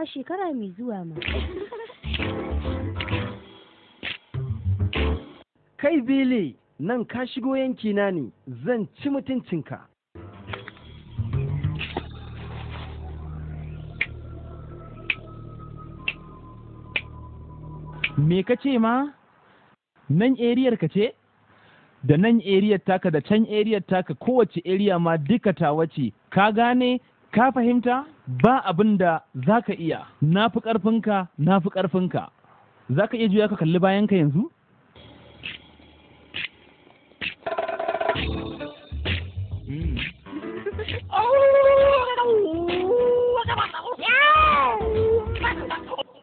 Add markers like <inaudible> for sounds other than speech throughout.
kuma shekara mai zuwa ma. Kai Bili, nan ka shigo yanki na ne, zan ci mutuncinka. Me ka ce ma? Nan eriyar ka ce? da nan eriyar taka da can eriyar taka kowace eriya ma duka ta wace ka gane ka fahimta ba abin da za ka iya na fi ƙarfinka na fi ƙarfinka za ka iya juya ka kalli bayanka yanzu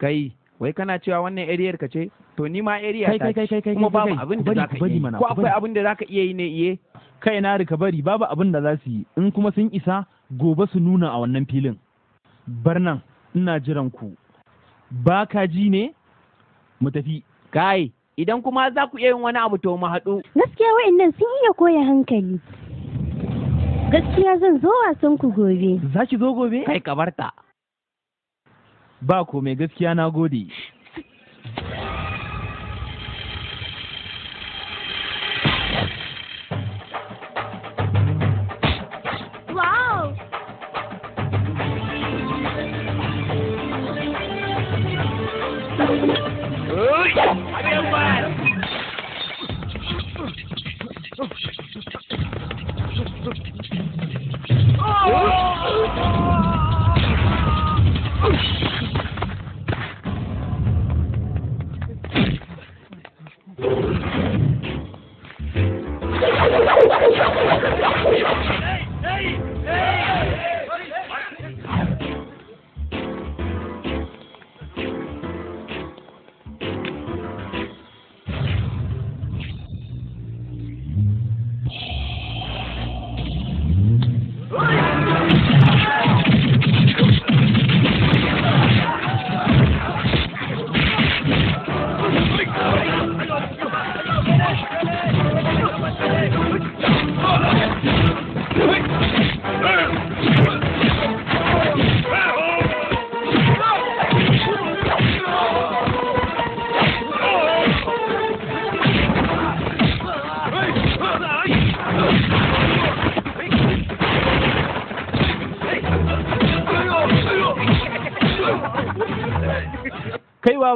kai wai kana cewa wannan ariyar ka ce to ni ma area ta ce kuma babu abin da zaka yi ko akwai abin da zaka iya yi ne iye kai na rika bari babu abin da za su yi in kuma sun isa gobe su nuna a wannan filin barnan ina jiran ku ba ka ji ne mu tafi kai idan kuma za ku iya yin wani abu to mu haɗu gaskiya wa'annan sun iya koya hankali gaskiya zan zo wasan ku gobe za ki zo gobe kai kabarta ba komai gaskiya na gode Oh!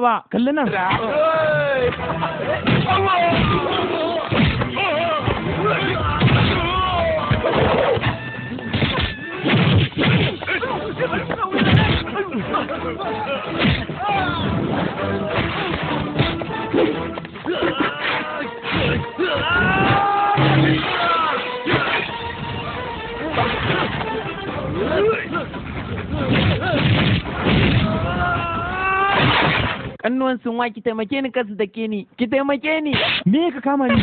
ராவா கல்லுன்னா que tem ki taimake ni kasu da ke ni ki taimake ni me ka kama ni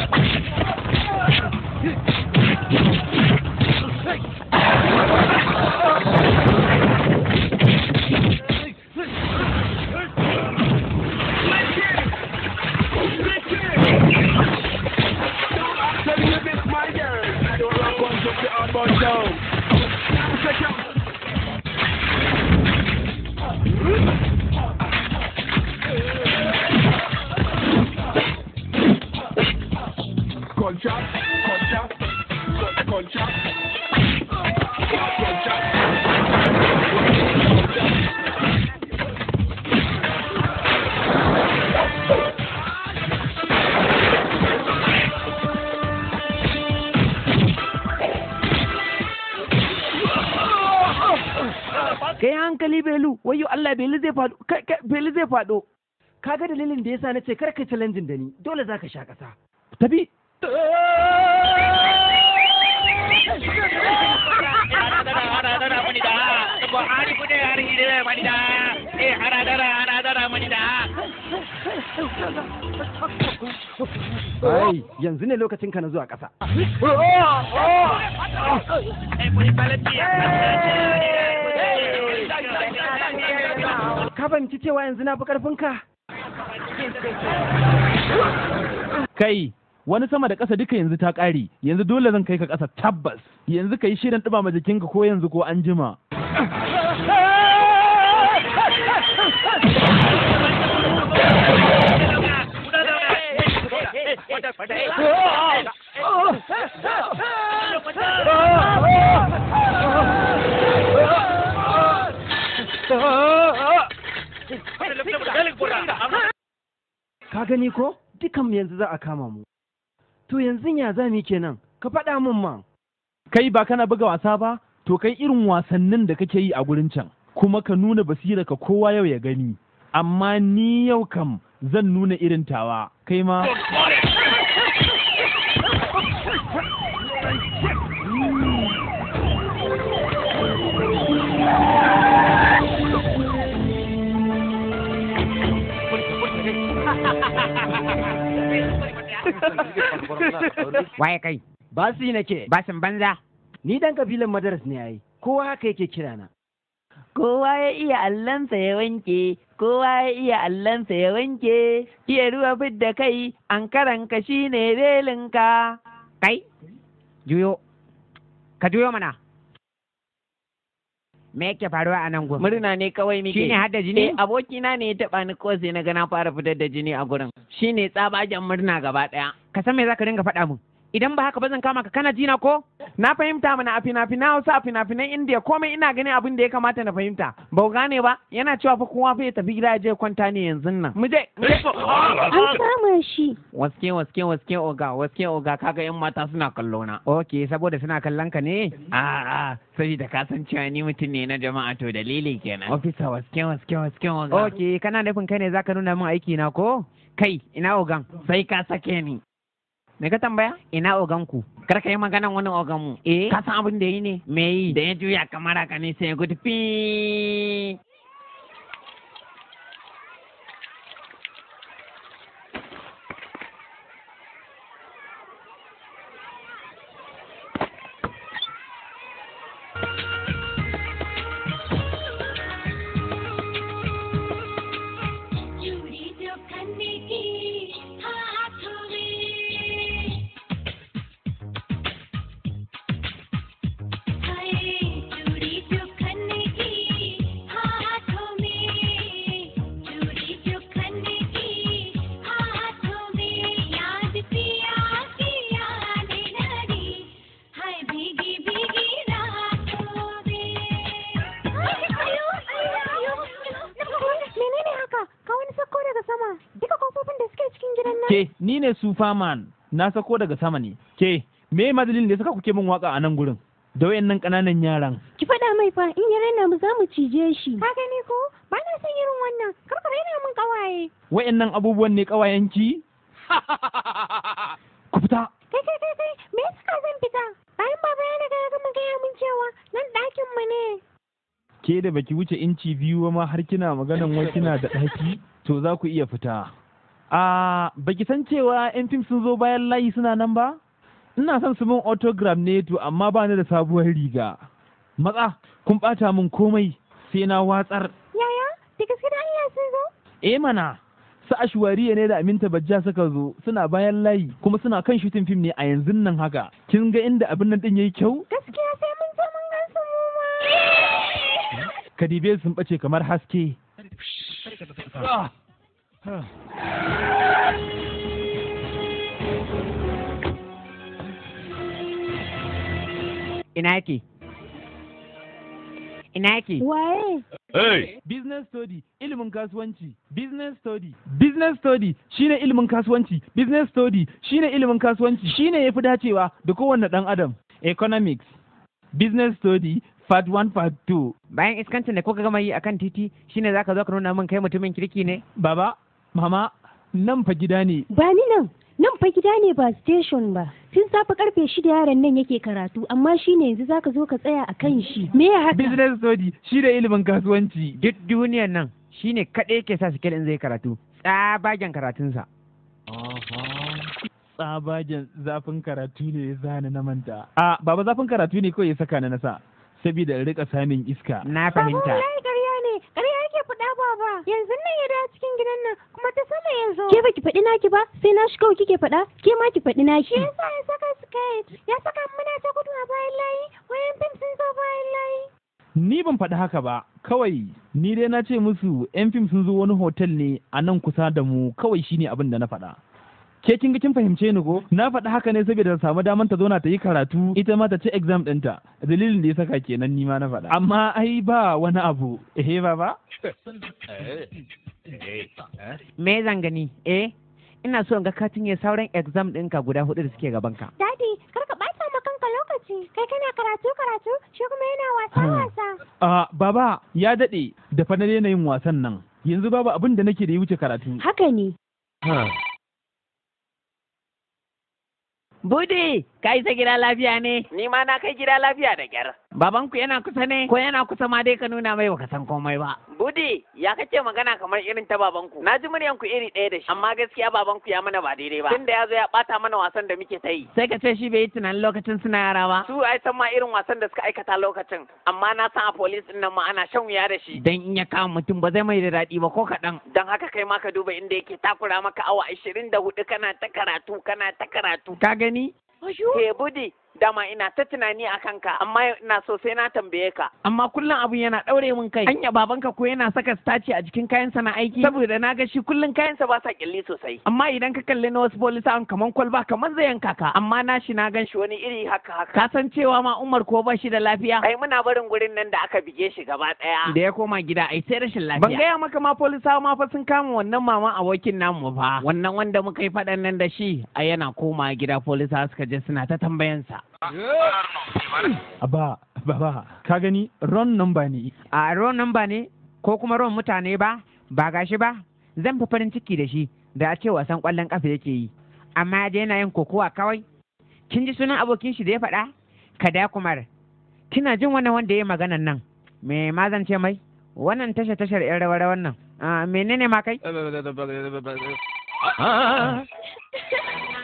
zai faɗo kaga dalilin da yasa na ce kar karka challenging da ni dole zaka sha ƙasa tafi இப்போ ஆடிக்கிட்டே ஆடிக்கிட்டு Ai, yanzu ne lokacin ka na zuwa ƙasa. Ka fahimci cewa yanzu na fi ƙarfinka? Kai, wani sama da ƙasa duka yanzu ta ƙare yanzu dole zan kai ka ƙasa tabbas yanzu ka yi shirin ɗumama jikinka ko yanzu ko an jima Ka gani ko? Dukan yanzu za a kama mu. to yanzu ya za mu kenan ka faɗa min ma kai ba kana buga wasa ba to kai irin wasannin da kake yi a gurin can kuma ka nuna basira ka kowa yau ya gani amma ni yau kam zan nuna irin tawa kai ma <laughs> waye kai basi nake basin banza ni dan kabilan madaras ne yayi kowa haka yake kira na kowa ya iya allansa ya wanke kowa ya iya allansa ya wanke iya ruwa fidda kai an shi shine relinka kai juyo ka juyo mana me yake faruwa a nan gurin murna ne kawai muke shine hada jini eh abokina ne ya taba ni ko sai na ga na fara fitar da jini a gurin Shi ne tsabagen murna gaba daya ka san me zaka ringa faɗa mun idan ba haka ba zan kama ka kana jina ko na fahimta mana a fina-fina wasu a fina indiya komai ina ganin abin da ya kamata na fahimta ba gane ba yana cewa fa kowa fa ya tafi gida je kwanta ne yanzu nan mu je an kama shi waske waske waske oga waske oga kaga yan mata suna kallo na oke saboda suna kallon ka ne a a saboda ka san cewa ni mutum ne na jama'a to dalili kenan officer waske waske waske oga oke kana nufin kai ne zaka nuna min aiki na ko kai ina ogan sai ka sake ni Me ka tambaya? Ina ogan ku Kar ka yi maganan wani mu Eh, ka san abin da yi ne? Me yi? Da ya juya kamar ka ne sai ya gudu fi. ke ni ne superman na sako daga sama ne ke me madalin da saka kuke min waka a nan gurin da wayannan kananan yaran ki faɗa mai fa in yare na mu zamu cije shi ka gani ko ba na san irin wannan kar ka min kawaye wayannan abubuwan ne ki? <laughs> ku fita kai kai kai kai me yasa zan fita bayan baba yana ga kuma gaya min cewa nan dakin mu ne ke da baki wuce inci biyu ma har kina maganan wai kina da ɗaki to za ku iya fita ba ki san cewa yan fim sun zo bayan layi suna nan ba ina son su min autogram ne to amma ba ni da sabuwar riga matsa kun bata min komai sai na watsar yaya da gaske da Allah sun zo eh mana su ashwariya ne da aminta bajja suka zo suna bayan layi kuma suna kan shooting fim ne a yanzu nan haka kin ga inda abin nan din yayi kyau gaskiya sai mun zo mun gan su mu ma kadibe sun bace kamar haske Ina yake? Ina yake? Waye? Hey! Business study, ilimin kasuwanci. Business study. Business study shine ilimin kasuwanci. Business study shine ilimin kasuwanci. Shine fi dacewa da kowanne ɗan adam. Economics. Business study part 1 part 2. Bayan iskancin da kuka gama yi akan titi shine ka zo ka nuna min kai mutumin kirki ne? Baba, Mama, nan fa gida ne. Ba ni nan, nan fa gida ne ba station ba. Tun safe karfe shida yaron nan yake karatu, amma shi ne yanzu zaka zo ka tsaya a kan shi. Me ya haka? Business study, shi da ilimin kasuwanci. Duk duniyar nan, shi ne kaɗai yake sa sikel in zai karatu. Tsabagen karatunsa. Tsabagen zafin karatu ne ya zane na manta. A, baba zafin karatu ne kawai ya saka na nasa. Sabida rika samun iska. Na fahimta. da faɗa baba. Yanzu nan ya dawo cikin gidan nan kuma ta sama ya zo. Ke ki faɗi naki ba sai na shigo kike faɗa ke ma ki faɗi naki. Shi yasa ya saka skirt ya saka muna ta gudu a bayan layi wayan fim sun zo bayan layi. Ni ban faɗi haka ba kawai ni dai na ce musu 'yan fim sun zo wani hotel ne a nan kusa da mu kawai shine abin da na faɗa. ke kin ga kin fahimce ni ko na faɗi haka ne saboda samu daman ta zauna ta yi karatu ita ma ta ci exam ɗinta dalilin da ya saka kenan ni ma na faɗa amma ai ba wani abu eh ba ba me zan gani eh ina so in ga katin ya sauran exam ɗinka guda hudu da suke gaban ka kar ka bata ma kanka lokaci kai kana karatu karatu shi kuma yana wasa ah. wasa a ah, baba ya dade da fa na yin wasan nan yanzu babu abin da nake da ya wuce karatu haka ne ah. Buddy! Ka isa gida lafiya ne? Ni ma na kai gida lafiya da kyar. ku yana kusa ne? Ko yana kusa ma dai ka nuna mai baka san komai ba. Budi, ya kace magana kamar irin ta baban ku! Na ji ku iri ɗaya da shi, amma gaskiya baban ku ya mana ba daidai ba. Tunda ya zo ya ɓata mana wasan da muke ta yi. Sai ka ce shi bai yi tunanin lokacin suna yara ba. Su ai san ma irin wasan da suka aikata lokacin, amma na san a polis ɗin nan ma ana shan wuya da shi. Dan in ya kama mutum ba zai mai da daɗi ba ko kaɗan. Dan haka kai ma ka duba inda yake takura maka awa ashirin da hudu kana ta karatu kana ta karatu. Ka gani? Are Here, buddy. dama ina ta tunani a kanka amma ina so sai na tambaye ka amma kullum abu yana daure min kai anya babanka ko yana saka staci a jikin kayansa na aiki saboda na ga shi kullum kayansa ba sa killi sosai amma idan ka kalli na wasu an kaman kwalba kaman zai yanka amma na shi na gan shi wani iri haka haka ka san cewa ma Umar ko ba shi da lafiya ai muna barin gurin nan da aka bige shi gaba ɗaya. da ya koma gida ai sai rashin lafiya ban gaya maka ma polisawa ma fa sun kama wannan mama abokin namu fa wannan wanda muka yi faɗan nan da shi ai yana koma gida polisawa suka je suna ta tambayansa ba ba ka gani ron number ne a ron namba ne ko kuma ron mutane ba ba gashi ba zan fi farin ciki da shi da a ce wasan kwallon kafa yake yi amma ya yana yin kokowa kawai kin ji sunan abokin shi da ya faɗa kada kumar kina jin wannan wanda ya yi maganan nan me ma zan ce mai wannan tashar tashar yan rawa rawan nan ah, menene ma kai <laughs> <laughs>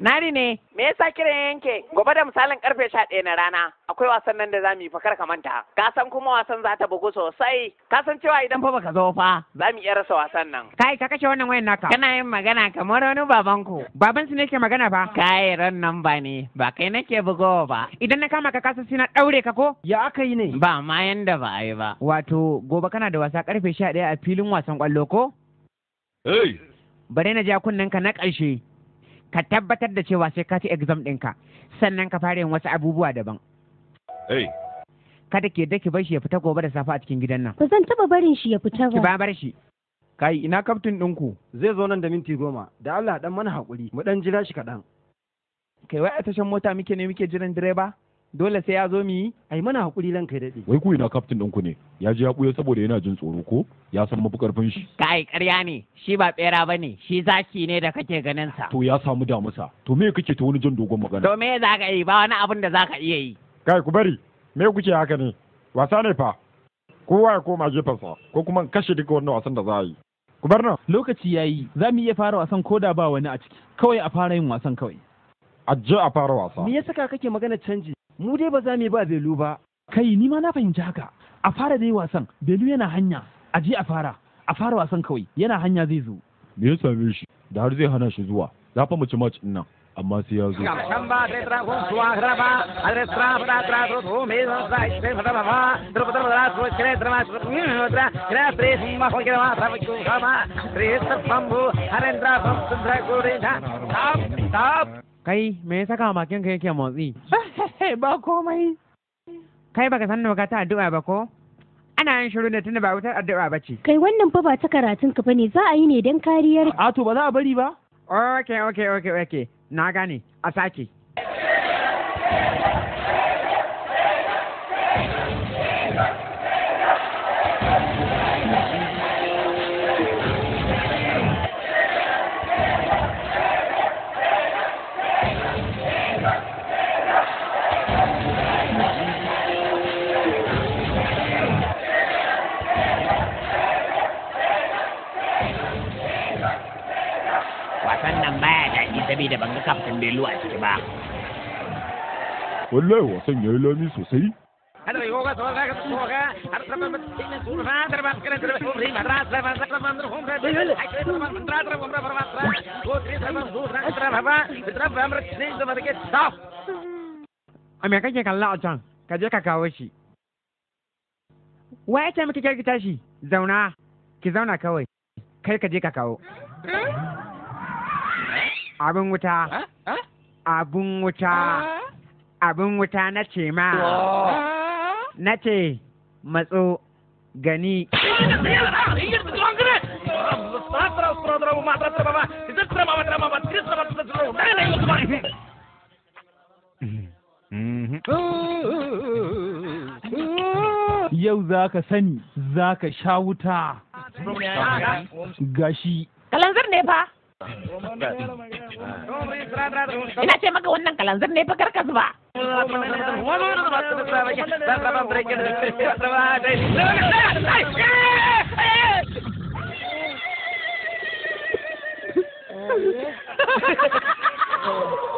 Nari ne, me yasa kiran yanke? Gobe da misalin karfe sha ɗaya na rana, akwai wasan nan da zamu yi fa ka manta. Ka san kuma wasan za ta bugu sosai. Ka san cewa idan fa baka zo fa, za mu iya rasa wasan nan. Kai ka kashe wannan wayan naka. Kana yin magana kamar wani baban ku. Baban su nake magana ba. Kai ran nan ba ne, ba kai nake bugowa ba. Idan na kama ka kasa na ɗaure ka ko? Ya aka yi ne. Ba ma yanda ba a yi ba. Wato gobe kana da wasa karfe sha ɗaya a filin wasan kwallo ko? Hey. Bare na ja kunnen ka na ƙarshe. ka tabbatar da cewa sai ka ci exam ɗinka sannan ka fara yin wasu abubuwa daban. Kada ke daki bar shi ya fita gobe da safa a cikin gidan nan. Ba zan taba barin shi ya fita ba. Ki ba bar shi. Kai ina kaftin ɗinku zai zo nan da minti goma da Allah dan mana hakuri. mu dan jira shi kaɗan. Kai wai a tashan mota muke ne muke jiran direba? dole sai ya zo mu yi ai mana hakuri lan kai dade wai ku ina kaftin ɗinku ne ya ji ya buya saboda yana jin tsoro ko ya san mafi karfin shi kai ƙarya ne shi ba bera bane shi zaki ne da kake ganin sa to ya samu damusa to me kake ta wani jin dogon magana to me za ka yi ba wani abin da za ka iya yi kai ku bari me kuke haka ne wasa ne fa kowa ya koma jefarsa ko kuma kashe duka wannan wasan da za a yi ku bar nan lokaci yayi za mu iya fara wasan ko da ba wani a ciki kawai a fara yin wasan kawai a je a fara wasa me yasa kake magana canji mu dai ba za mu ba belu ba kai ni ma na fahimci haka a fara dai wasan belu yana hanya a je a fara a fara wasan kawai yana hanya zai zo me ya same shi da har zai hana shi zuwa za fa mu ci match din nan amma sai ya zo kai me ya saka makin ka yake motsi <laughs> ba komai kai baka san baka ta addu'a ba ko ana yin shiru da tunda ba wutar addu'a ba ce kai wannan fa ba ta karatun ka bane za a yi ne dan kariyar a to ba za a bari ba okay okay okay okay na gane a sake saboda ban ga kaftan Bello a ciki ba wallahi wasan yi lami sosai a me kake kalla a can ka je ka kawo shi wa yake ce miki shi zauna ki zauna kawai kai ka je ka kawo abin wuta ah, ah. abin wuta ah. abin wuta na ce ma na ce matso gani Yau za ka sani za ka sha wuta gashi. Kalanzar ne fa. ina ce maka wannan kalanzir ne fakar kasu ba Oh. <laughs>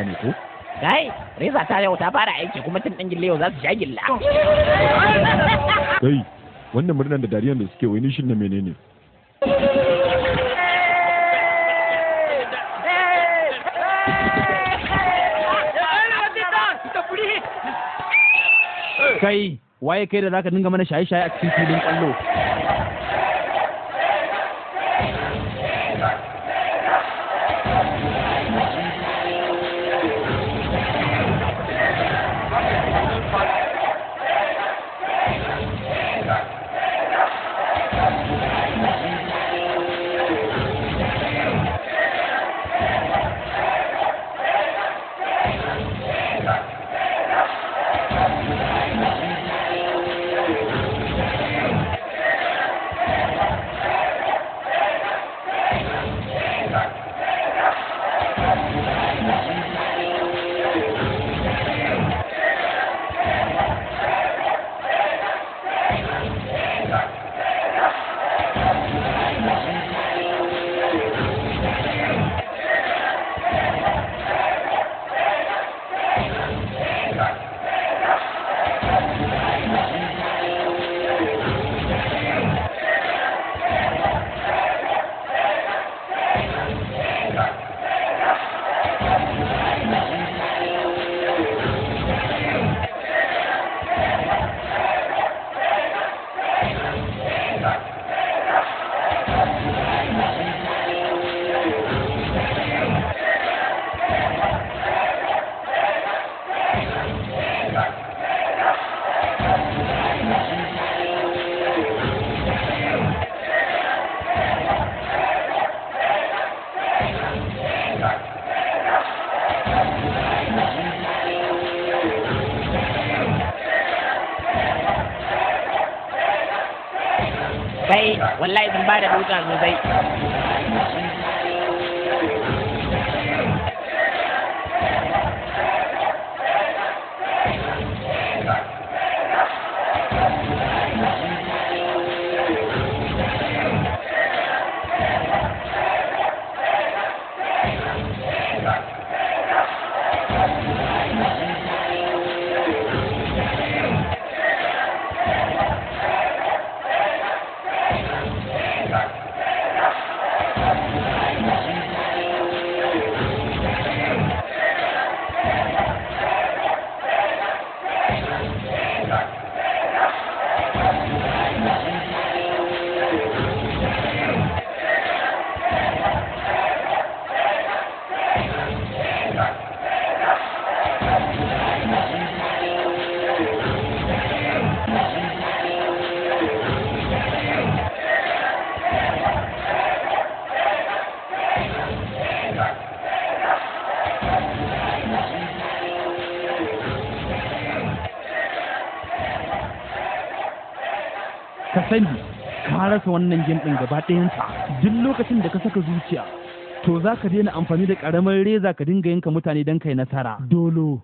gane ko kai reza ta yau ta fara aiki kuma tun ɗan gille yau za su sha gilla kai wannan murnar da dariyan da suke wani shin na menene kai waye kai da zaka dinga mana shaye-shaye a cikin filin kwallo gun was 8 rasa wannan game din gaba ɗayansa duk lokacin da ka saka zuciya to za ka daina amfani da ƙaramar reza ka dinga yanka mutane don kai nasara dolo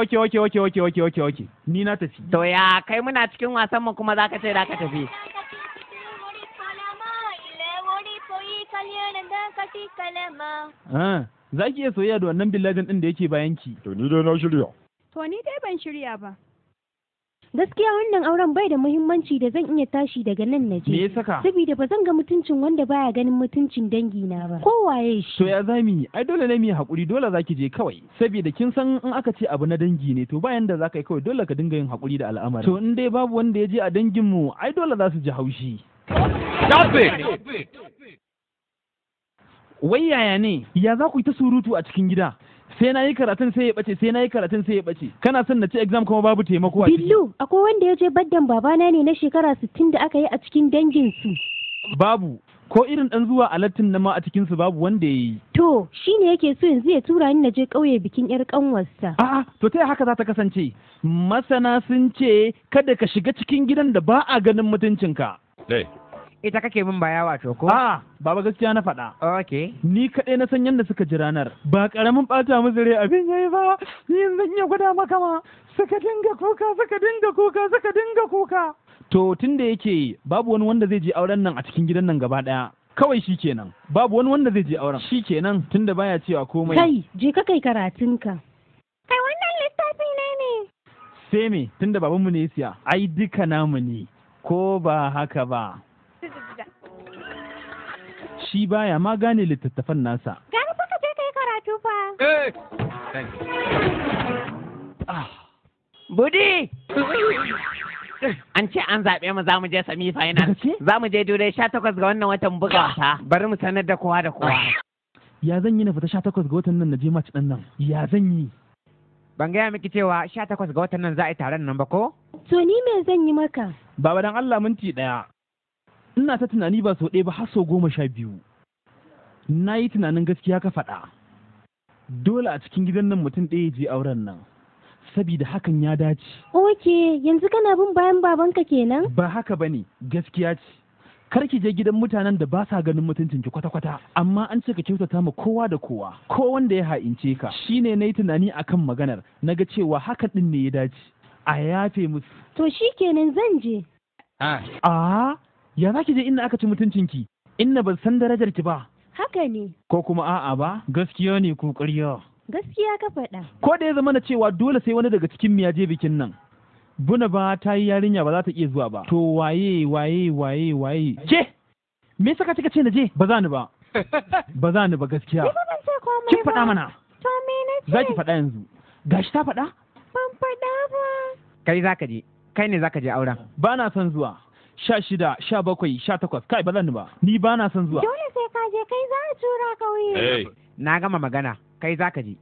oke oke oke oke oke oke oke ni na tafi to ya kai muna cikin wasan mu kuma zaka ce zaka tafi ah, za ki iya soyayya da wannan billajin din da yake bayan ki to ni dai na shirya to ni dai ban shirya ba gaskiya wannan auren bai da muhimmanci da zan iya tashi daga nan na je me saka saboda ba zan ga mutuncin wanda baya ganin mutuncin dangi na ba Ko waye shi to ya zami ai dole ne mu hakuri dole zaki je kawai saboda kin san in aka ce abu na dangi ne to bayan da zaka yi kawai dole ka dinga yin hakuri da al'amari to in dai babu wanda ya je a dangin mu ai dole za su ji haushi Wai yaya ne? Ya za ku yi ta surutu a cikin gida? sai na yi karatun sai ya bace sai na yi karatun sai ya bace kana son na ci exam kuma babu taimako a ciki billu akwai wanda ya je baddan babana ne na shekara sittin da aka yi a cikin dangin su babu ko irin dan zuwa alattin na ma a cikin babu wanda yayi to ne yake so yanzu ya tura ni na je kauye bikin yar kanwarsa a'a to ta haka za ta kasance masana sun ce kada ka shiga cikin gidan da ba a ganin mutuncinka ita kake min baya wato ko a'a baba gaskiya na faɗa Ok. ni kaɗai na san yadda suka ji ranar ba ƙaramin ɓata musu rai abin yayi ba ni zan iya gwada maka ma suka dinga kuka suka dinga kuka suka dinga kuka to tun da yake babu wani wanda zai je auren nan a cikin gidan nan gaba ɗaya kawai shi kenan babu wani wanda zai je auren shi kenan da baya cewa komai kai je ka kai karatunka kai wannan littafi ne ne sai me tun da babanmu ne ya siya ai duka namu ne ko ba haka ba Shi baya ma gane littattafan nasa. Gani kuka je ka yi karatu fa. Eh, ah, Budi! An ce an zaɓe mu za mu je sami final. Za mu je dure sha takwas ga wannan watan buga wata. Ah. Bari mu sanar da kowa da kowa. Ya zan yi na fita sha takwas ga watan nan na je match ɗin nan. Ya zan yi. Ban gaya miki cewa sha takwas ga watan nan za a yi taron nan ba ko? To ni me zan yi maka? Baba dan Allah minti ɗaya. ina ta tunani ba sau ɗaya ba har sau goma sha biyu na yi tunanin gaskiya ka faɗa dole a cikin gidan nan mutum ɗaya je auren nan sabida hakan ya dace oke yanzu kana bin bayan babanka kenan ba haka ba ne gaskiya ce kar ki je gidan mutanen da ba sa ganin mutuncin ki kwata-kwata amma an ce ka kyautata ma kowa da kowa ko wanda ya ha'ince ka shine na yi tunani akan maganar na ga cewa haka ɗin ne ya dace a yafe musu to shikenan zan je a ah. ah? ya zaki je inda aka ci mutuncinki inda ban san darajar ki ba haka ne ko kuma a'a ba gaskiya ne ku ƙarya gaskiya ka faɗa ko da ya zama na cewa dole sai wani daga cikin mu ya je bikin nan buna ba ta yi yarinya ba za ta iya zuwa ba to waye waye waye waye ke me saka kika ce na je ba za ni ba <laughs> ba za ni ba gaskiya kin faɗa mana to me na ce za ki faɗa yanzu gashi ta faɗa ban faɗa ba kai za ka je kai ne za ka je auren ba na son zuwa sha shida sha bakwai sha takwas kai ba zan ba ni ba na son zuwa dole sai ka je kai za a tura ka wuyi na gama magana kai za ka je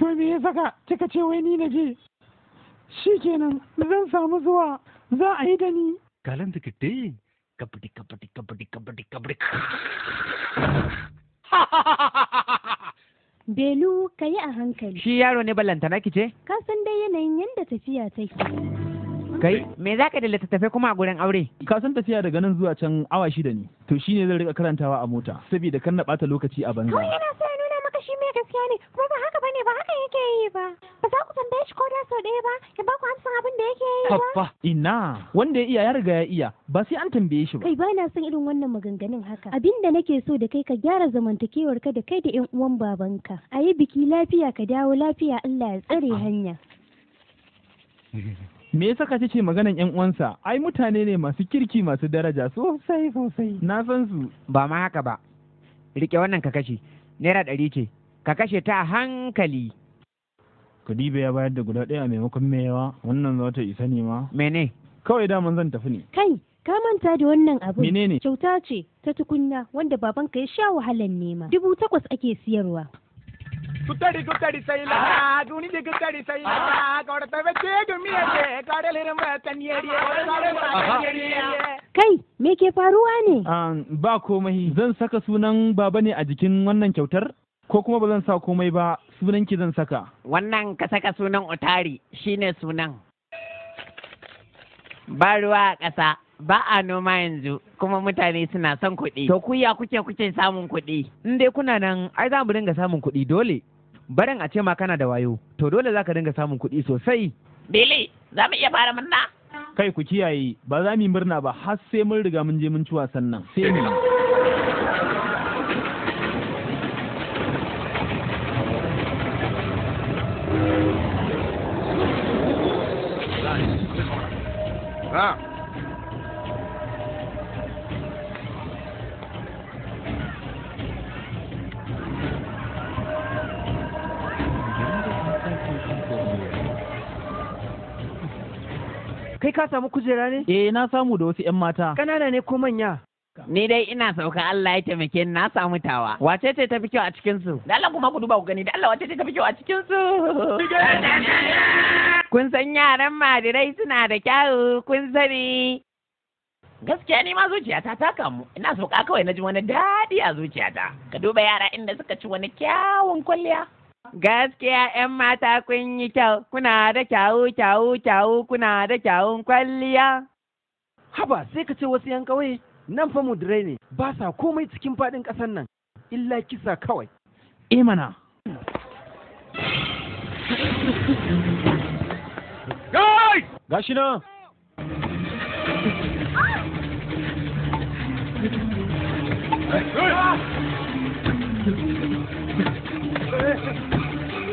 to me ya saka kika ce wai ni na je shikenan zan samu zuwa za a yi da ni Kalan kitte kabaddi கபடி கபடி கபடி kabaddi Belu ka yi a hankali. Shi yaro ne ballanta na kice? Ka san dai yanayin yadda tafiya take. Kai? Me za ka da littattafai kuma a gurin aure? Ka san tafiya daga nan zuwa can awa shida ne. To shi ne zan rika karantawa a mota saboda kan na ɓata lokaci a banza. Kawai ina so ya nuna maka shi mai gaskiya ne kuma ba haka bane ba haka yake yi ba. Ba za ku tambaye shi ko da sau ɗaya ba ya ba ku amsan abin da yake yi ba. Haffa ina wanda ya iya ya riga ya iya ba sai an tambaye shi ba. Kai ba na son irin wannan maganganun haka. Abin da nake so da kai ka gyara zamantakewarka da kai da 'yan uwan babanka. A yi biki lafiya ka dawo lafiya Allah ya tsare hanya. <laughs> me yasa ka ce maganan ƴan uwansa ai mutane ne masu kirki masu daraja sosai sosai na san su ba ma haka ba rike wannan ka kashe naira ɗari ce ka kashe ta hankali Kadibe ya bayar da guda ɗaya a maimakon yawa, wannan za ta isa ne ma mene kawai daman zan tafi ne kai ka manta da wannan abu menene kyauta ce ta tukunna wanda babanka ya sha wahalan nema dubu takwas ake siyarwa குத்தடி குத்தடி சைலா குனிஞ்சு குத்தடி சைலா கொடத்தை வச்சே கும்மியடியே கடல் இரும்ப தண்ணியடியே kai me ke faruwa ne ba komai zan saka sunan baba ne a jikin wannan kyautar ko kuma ba zan sa komai ba sunan ki zan saka wannan ka saka sunan otari shine sunan ba ruwa a ƙasa ba a noma yanzu kuma mutane suna son kuɗi. To ku ya kuke kuke samun kuɗi? In dai kuna nan ai za mu dinga samun kuɗi dole. barin a ce ma kana da wayo to dole za ka dinga samun kuɗi sosai bele za mu iya fara murna kai ku kiyaye ba za mu murna ba har sai mun riga mun je mun ci wasan nan sai mu Ah. ka samu kujera ne? Eh na samu da wasu 'yan mata. Kanana ne ko manya? Ni dai ina sauka Allah ya taimake ni na samu tawa. Wace ce ta fi kyau a cikin su? Da Allah kuma ku duba ku gani da Allah wace ce ta fi kyau a cikin su? Kun san yaran madirai suna da kyau kun sani. Gaskiya ni ma zuciyata ta kamu ina sauka kawai na ji wani daɗi a zuciyata. Ka duba yara inda suka ci wani kyawun kwalliya. Gaskiya ‘yan mata kun yi kyau, kuna da kyawu kyawu kyawu kuna da kyawun kwalliya. Haba sai ka ce wasu ‘yan ƙauye nan fa mudirai ne ba sa komai cikin faɗin ƙasar nan, illa kisa kawai. Imana. Eh Gai! Gashi na! Hey!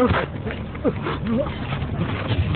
うわっ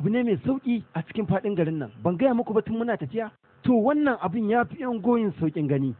abu ne mai sauki a cikin faɗin garin nan ban gaya muku ba tun muna tafiya to wannan abin ya fi yan goyin saukin gani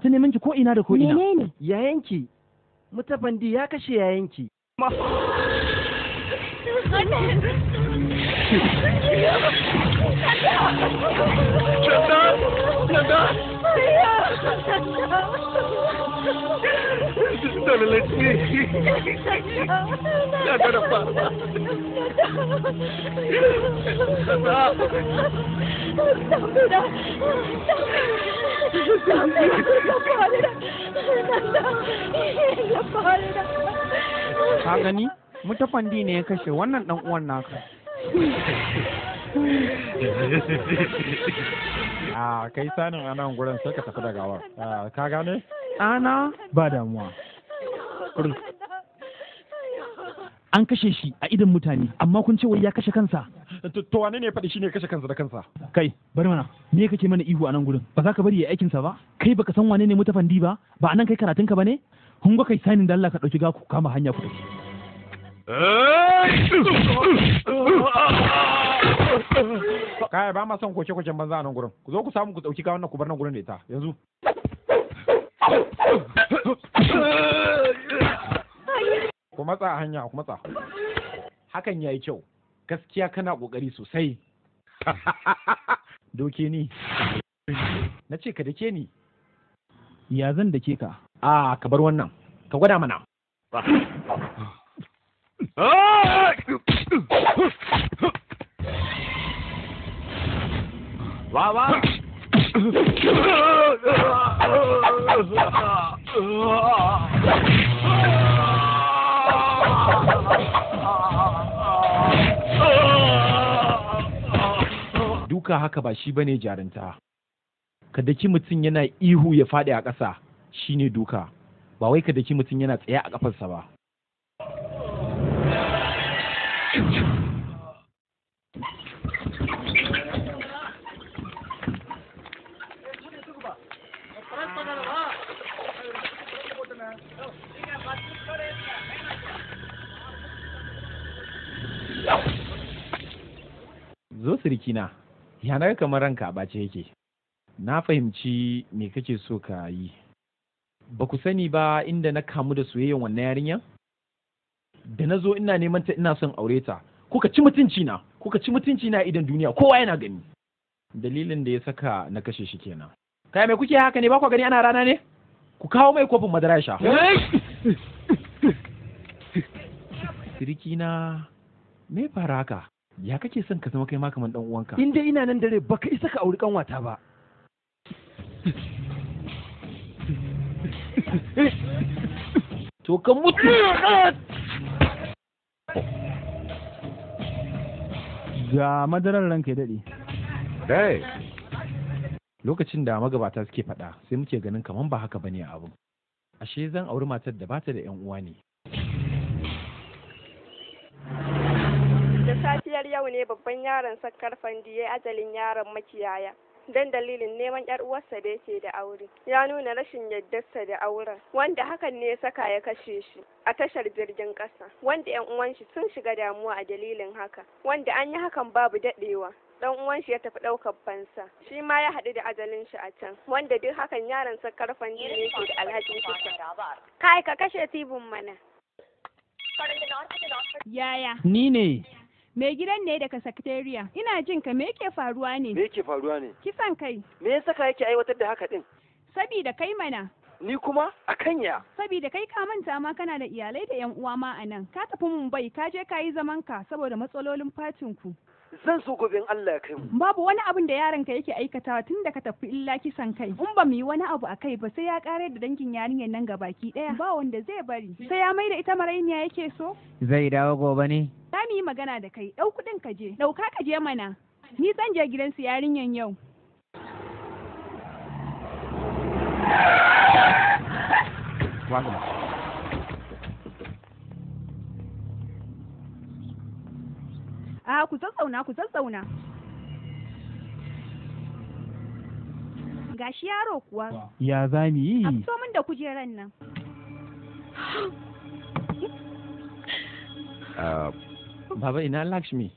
suna ta neman ki ko ina da ko ina menene yayanki mutafandi ya kashe yayanki Chanda! ダメだダメだパーレだなんだ変なパーレだ ka gani mutafandi ne ya kashe wannan dan uwan naka a <laughs> ah, kai sanin ana gurin sai ka tafi da gawar ah, ka gane ana ba damuwa an kashe shi a idan mutane amma kun ce wai ya kashe kansa to wane ne ya faɗi shine kashe kansa da kansa kai bari mana me kake mana ihu a nan gurin ba za ka bari ya aikin sa ba kai baka san wane ne mutafandi ba ba anan kai karatun ka bane hun ga kai sanin da Allah ka dauki gaku kama hanya ku dauki kai ba ma son koke koken banza a nan gurin ku zo ku samu ku dauki ga wannan ku bar nan gurin da ita yanzu ku matsa hanya ku matsa hakan yayi kyau gaskiya kana kokari sosai <laughs> doke ni na ce ka dake ni ya zan dake ka a ka bar wannan ka gwada mana <laughs> duka haka ba shi bane jarinta ka daki mutum yana ihu ya faɗi a ƙasa shine duka ba wai ka daki mutum yana tsaye a ƙafarsa ba zo sirikina ya kamar ranka a bace yake na fahimci me kake so ka yi ba ku sani ba inda na kamu da soyayyan wannan yarinya da na zo ina neman ta ina son aure ta kuka ci mutunci na kuka ci mutunci na idan duniya kowa yana gani dalilin da ya saka na kashe shi kenan kai mai kuke haka ne ba ku gani ana rana ne ku kawo mai kofin madara sha siriki me fara haka ya kake son ka zama kai ma kamar dan uwanka in dai ina nan dare baka isa ka auri kanwata ba to ka mutu ga madarar ranka ya dade lokacin da magabata suke faɗa sai muke ganin kamar ba haka bane abun ashe zan auri matar da bata da 'yan uwa ne safiyar yau ne babban yaron sakkar fandi ya ajalin yaron makiyaya don dalilin neman yar uwarsa da yake da aure ya nuna rashin yardarsa da auren wanda hakan ne ya saka ya kashe shi a tashar jirgin ƙasa wanda yan uwan sun shiga damuwa a dalilin haka wanda an yi hakan babu daɗewa dan uwan ya tafi ɗaukar fansa shi ma ya haɗu da ajalin shi a can wanda duk hakan yaron sakkar fandi ne yake da alhakin shi kai ka kashe tibin mana Yaya. Ni ne. Mai gidan ne daga sakatariya. Ina jin ka me yake faruwa ne? Me yake faruwa ne? Kisan kai. Me yasa ka yake aiwatar da haka din? Sabida kai mana. Ni kuma a kanya. Sabida kai ka manta ma kana da iyalai da yan uwa ma a nan. Ka tafi bai ka je ka yi zaman ka saboda matsalolin fatin ku. zan so gobe Allah ya kai mu babu wani abin da yaron ka yake aikatawa tun da ka tafi illa kisan kai in ba mu yi wani abu a kai ba sai ya kare da dangin yarinyar nan gabaki ɗaya. ba wanda zai bari sai ya mai da ita marainiya yake so zai dawo gobe ne za mu yi magana da kai dau kudin ka je dauka ka je mana ni zan je gidan su yarinyan yau a ku zazzauna ku zazzauna gashi yaro kuwa ya za mu yi a min da kujeran nan ah, baba ina lakshmi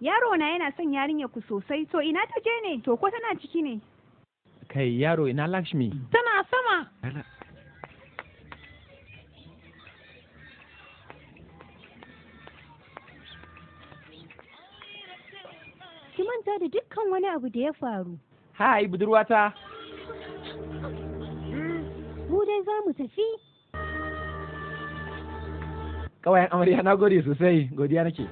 yaro na yana son yarinya ku sosai to ina ta je ne to ko tana ciki ne kai yaro ina lakshmi tana sama kan wani abu da ya faru. Hai budurwata. Mu dai za mu tafi. Kawayen amarya na gode sosai godiya nake.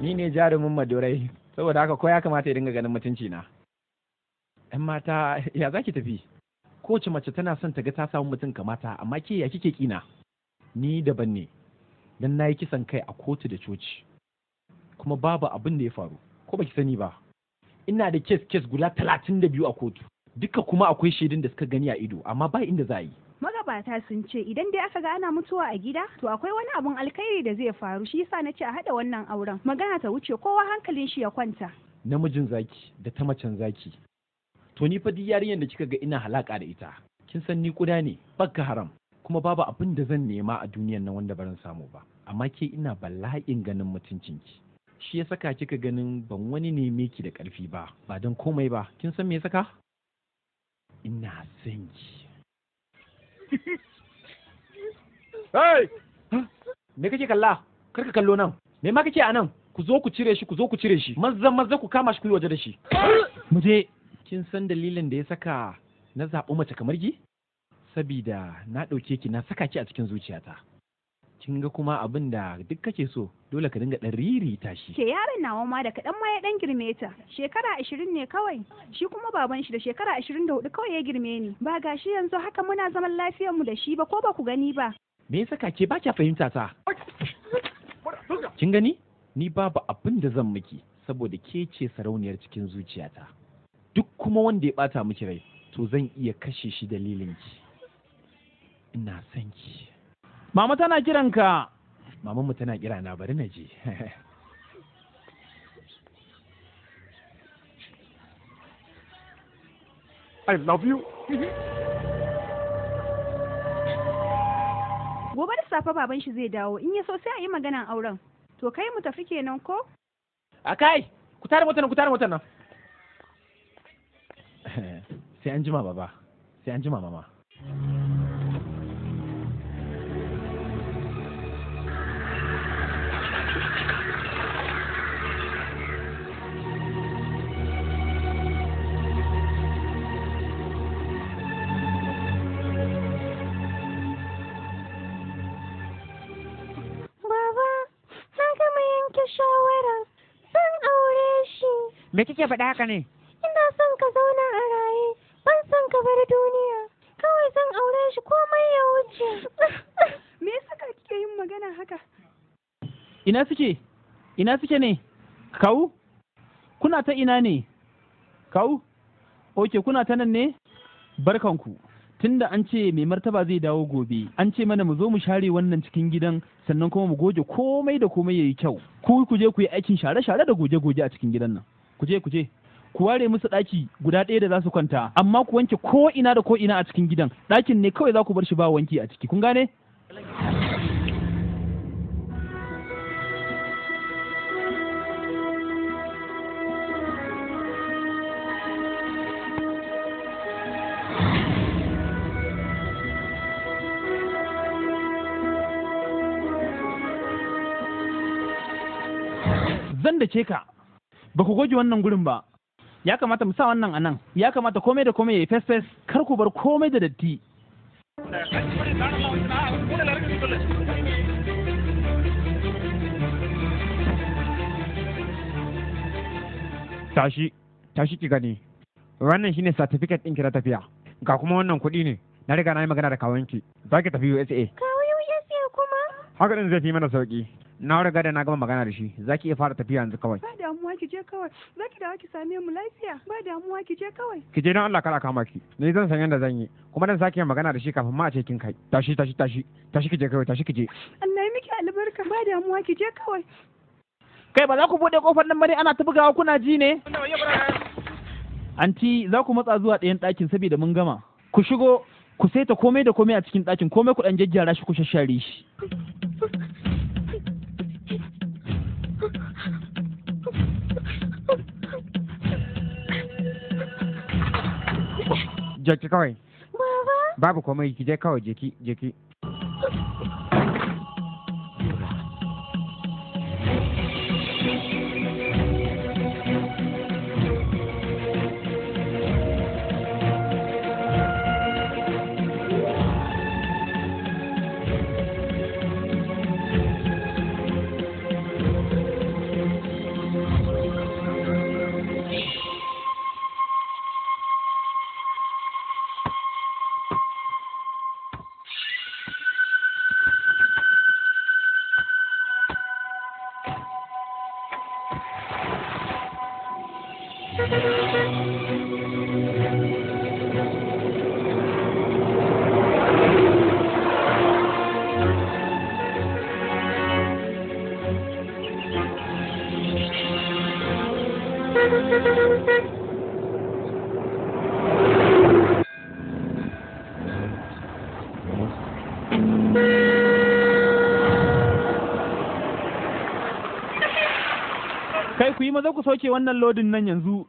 Ni ne jarumin madurai saboda haka ko ya kamata ya dinga ganin mutunci na. ‘Yan mata ya zaki ki tafi? Kowace mace tana son ta ga ta samu mutum kamata amma ke ya kike kina? Ni daban ne. Dan na yi kisan kai a kotu da coci. Kuma babu abin da ya faru. Ko baki sani ba. ina da kes kes guda talatin da biyu a kotu duka kuma akwai shaidun da suka gani a ido amma ba inda za a yi magabata sun ce idan dai aka ga ana mutuwa a gida to akwai wani abun alkhairi da zai faru shi yasa nace a hada wannan auren magana ta wuce kowa hankalin shi ya kwanta namijin zaki da ta macen zaki to ni fa duk yarinyar da kika ga ina halaka da ita kin san ni kuda ne bakka haram kuma babu abin da zan nema a duniyan nan wanda baran samu ba amma ke ina bala'in ganin mutuncinki shi ya saka kika ganin ban wani ne ki da ƙarfi ba ba don komai ba kin san me ya saka ina son ki <laughs> hey me kake kalla karka kallo nan me ma kake a nan ku zo ku cire shi ku zo ku cire shi maza maza ku kama shi ku yi waje da shi <coughs> mu je kin san dalilin da ya saka na zaɓi mace kamar ki sabida na ɗauke ki na saka ki a cikin zuciyata kin ga kuma abin da duk kake so dole ka dinga dan ta shi ke yaron nawa ma da kaɗan ma ya dan girme ta shekara ashirin ne kawai shi kuma baban shi da shekara ashirin da hudu kawai ya girme ni ba gashi yanzu haka muna zaman lafiyar mu da shi ba ko ba ku gani ba me yasa kake ba kya fahimta ta kin gani ni babu abin da zan miki saboda ke ce sarauniyar cikin zuciyata duk kuma wanda ya bata miki rai to zan iya kashe shi dalilin ki ina son ki mama tana kiranka mamanmu tana kira na bari na je <laughs> I love you. <laughs> Gobe da safe baban shi zai dawo in ya so sai a yi maganan auren. To kai mu tafi kenan ko? Akai! ku tare motar nan, ku tare motar nan. <laughs> Sai an jima baba, sai an jima mama. me kike faɗa haka ne ina son ka zauna a raye ban son ka bar duniya kawai zan aure shi komai ya wuce <laughs> me yasa kike yin magana haka ina suke ina suke ne kawu kuna ta ina ne kawu oke kuna ta nan ne barkanku tunda an ce mai martaba zai dawo gobe an ce mana mu zo mu share wannan cikin gidan sannan kuma mu goge komai da komai yayi kyau ku ku je ku yi aikin share-share da goge-goge a cikin gidan nan ku je ku je ku ware musu ɗaki guda ɗaya da za su kwanta amma ku wanke ko ina da ko ina a cikin gidan ɗakin ne kawai za ku bar shi ba wanki a ciki kun gane zan da ce ka ba ku goge wannan gurin ba ya kamata mu sa wannan a nan ya kamata komai da komai ya yi fes fes kar ku bar komai da datti tashi tashi ki gani wannan shine certificate ɗin ki tafiya ga kuma wannan kuɗi ne na riga na yi magana da kawanki za ki tafi USA. kawai USA kuma? Haka ɗin zai fi mana sauƙi. na riga da na gama magana da shi za ki iya fara tafiya yanzu kawai ba damuwa ki je kawai za ki dawo ki same mu lafiya ba damuwa ki je kawai ki je don Allah kar a kama ki ni zan san yadda zan yi kuma dan sake magana da shi kafin ma a ce kin kai tashi tashi tashi tashi ki je kawai tashi ki je Allah ya miki albarka ba damuwa ki je kawai kai ba za ku bude kofar nan bane ana ta bugawa kuna ji ne anti za ku matsa zuwa ɗayan ɗakin saboda mun gama ku shigo ku saita komai da komai a cikin ɗakin komai ku ɗan jajjara shi ku shashare shi jaki kawai babu komai ki je kawai jeki jeki za ku sauke wannan lodin nan yanzu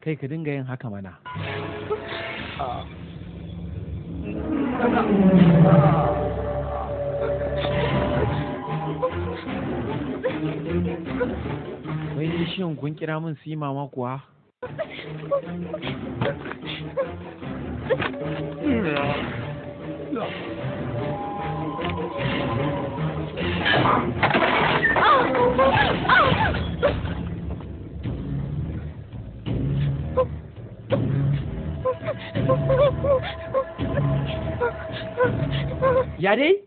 kai ka dinga yin haka mana wai ne shi kun kira min sima kuwa 야리?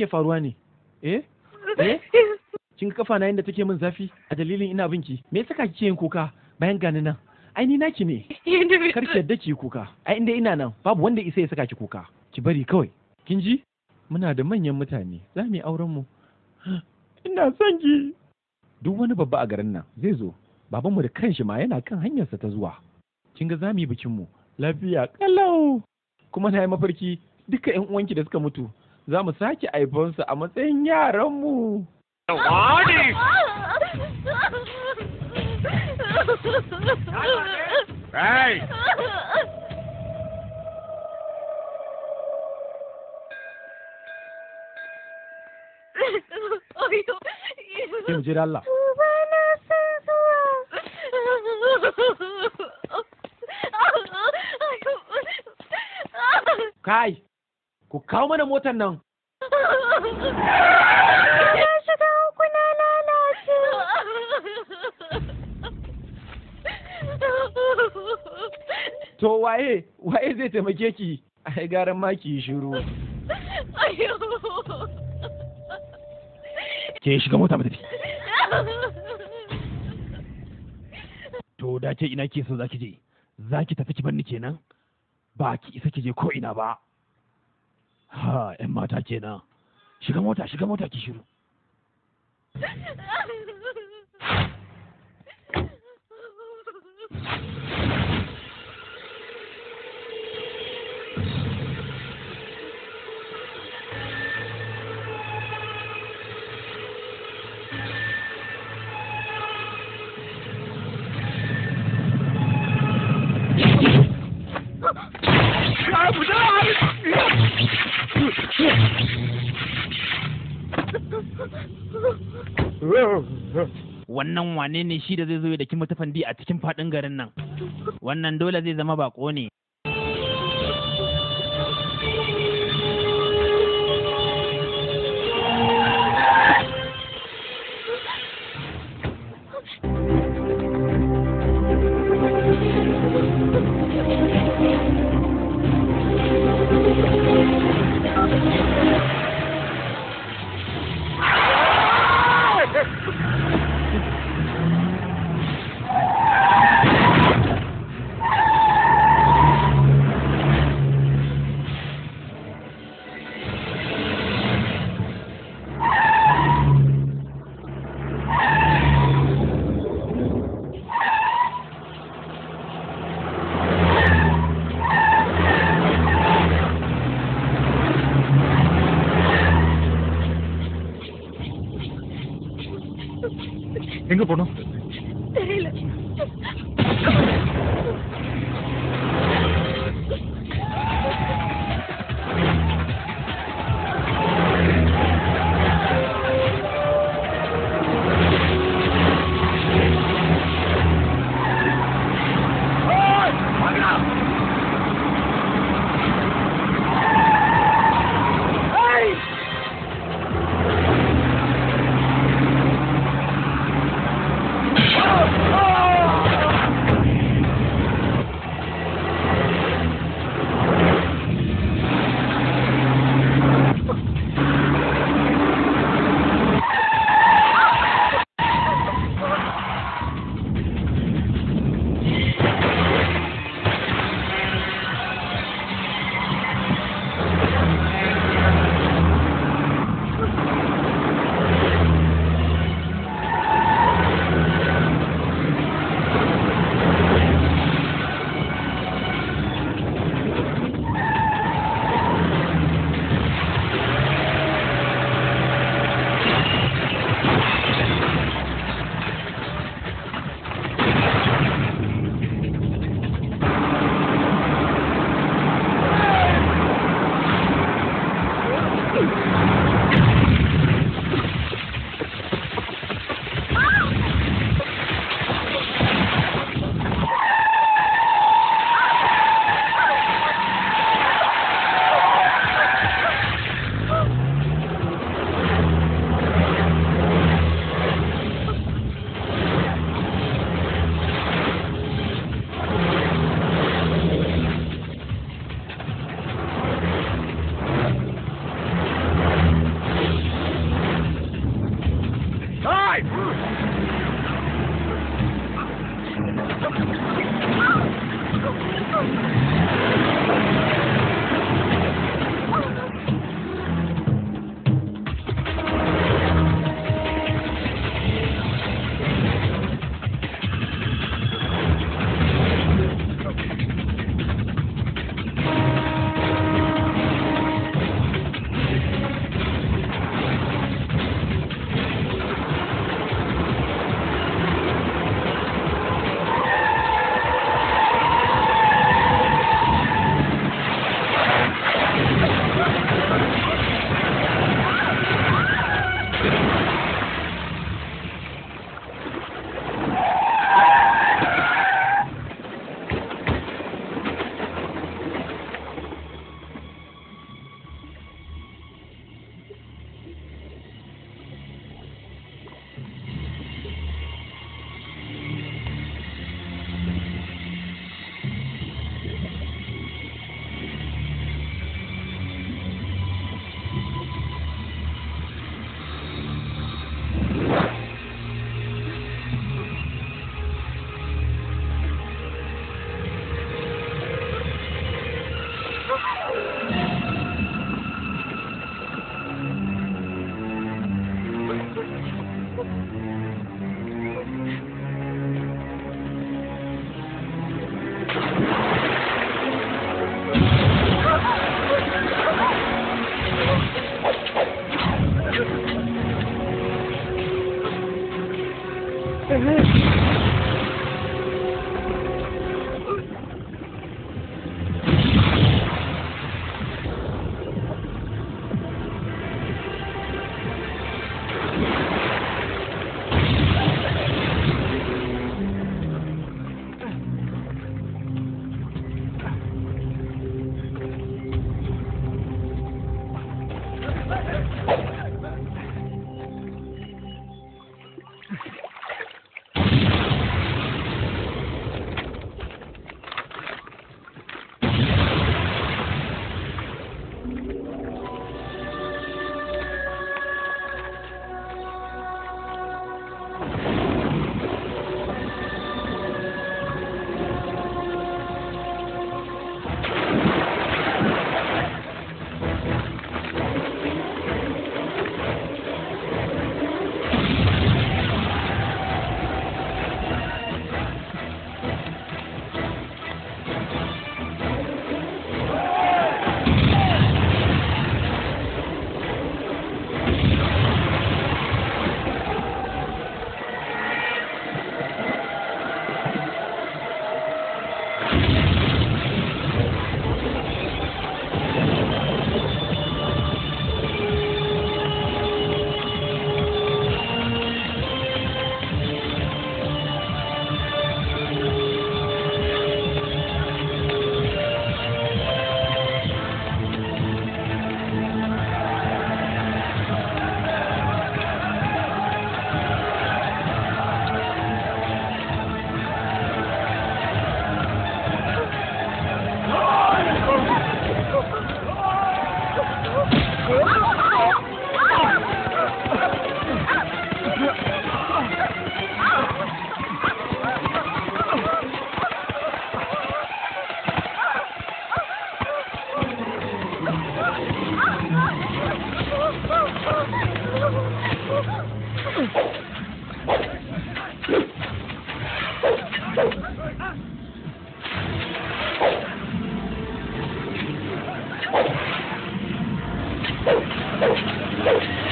yake faruwa ne eh eh kin kafa na inda take min zafi a dalilin ina binki me saka kike yin kuka bayan gani nan ai ni naki ne kar ki yadda ki kuka ai inda ina nan babu wanda isa ya saka ki kuka ki bari kawai kin ji muna da manyan mutane za mu yi auren mu ina son ki duk wani babba a garin nan zai zo babanmu da kanshi ma yana kan hanyarsa ta zuwa kin ga za mu yi bikin mu lafiya kalau kuma na yi mafarki duka yan uwanki da suka mutu za mu sake aifansu a matsayin yaranmu. mu. Hey! Kai! ku kawo mana motar nan na shiga hukuna na lalace to waye waye zai taimake ki ai garan ma ki shiru ke shiga mota mata to da ke ina ke so zaki je zaki tafi ki bar ni kenan ba ki isa ki je ko ina ba 嗨呀马大姐呢谁跟我跳谁跟我跳继续录这个这 Wannan wane ne shi da zai zo ya daki matafandi a cikin faɗin garin nan? Wannan dole zai zama bako ne.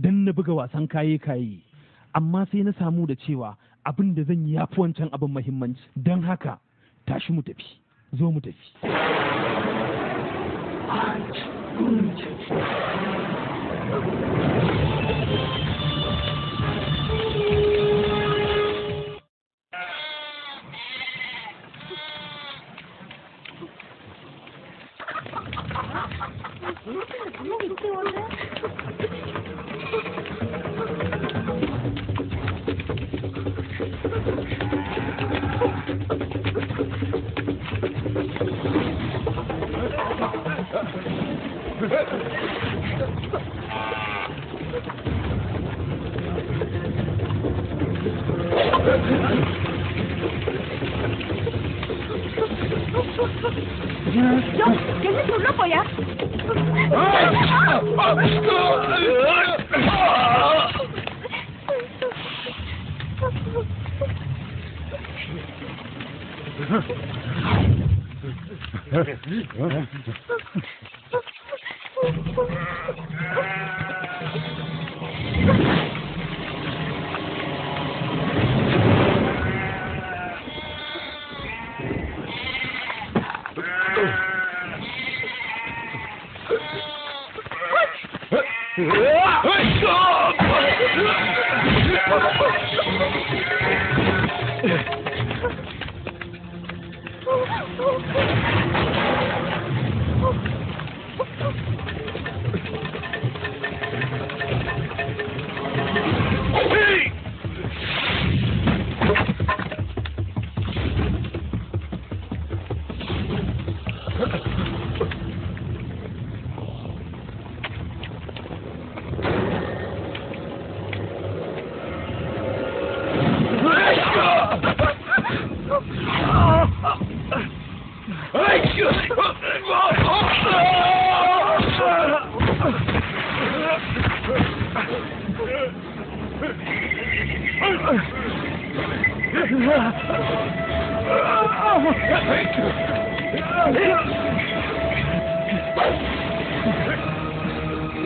don na buga wasan kaye kaye amma sai na samu da cewa abin da zan yi ya fi wancan abin mahimmanci don haka tashi mu tafi zo mu tafi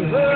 Look!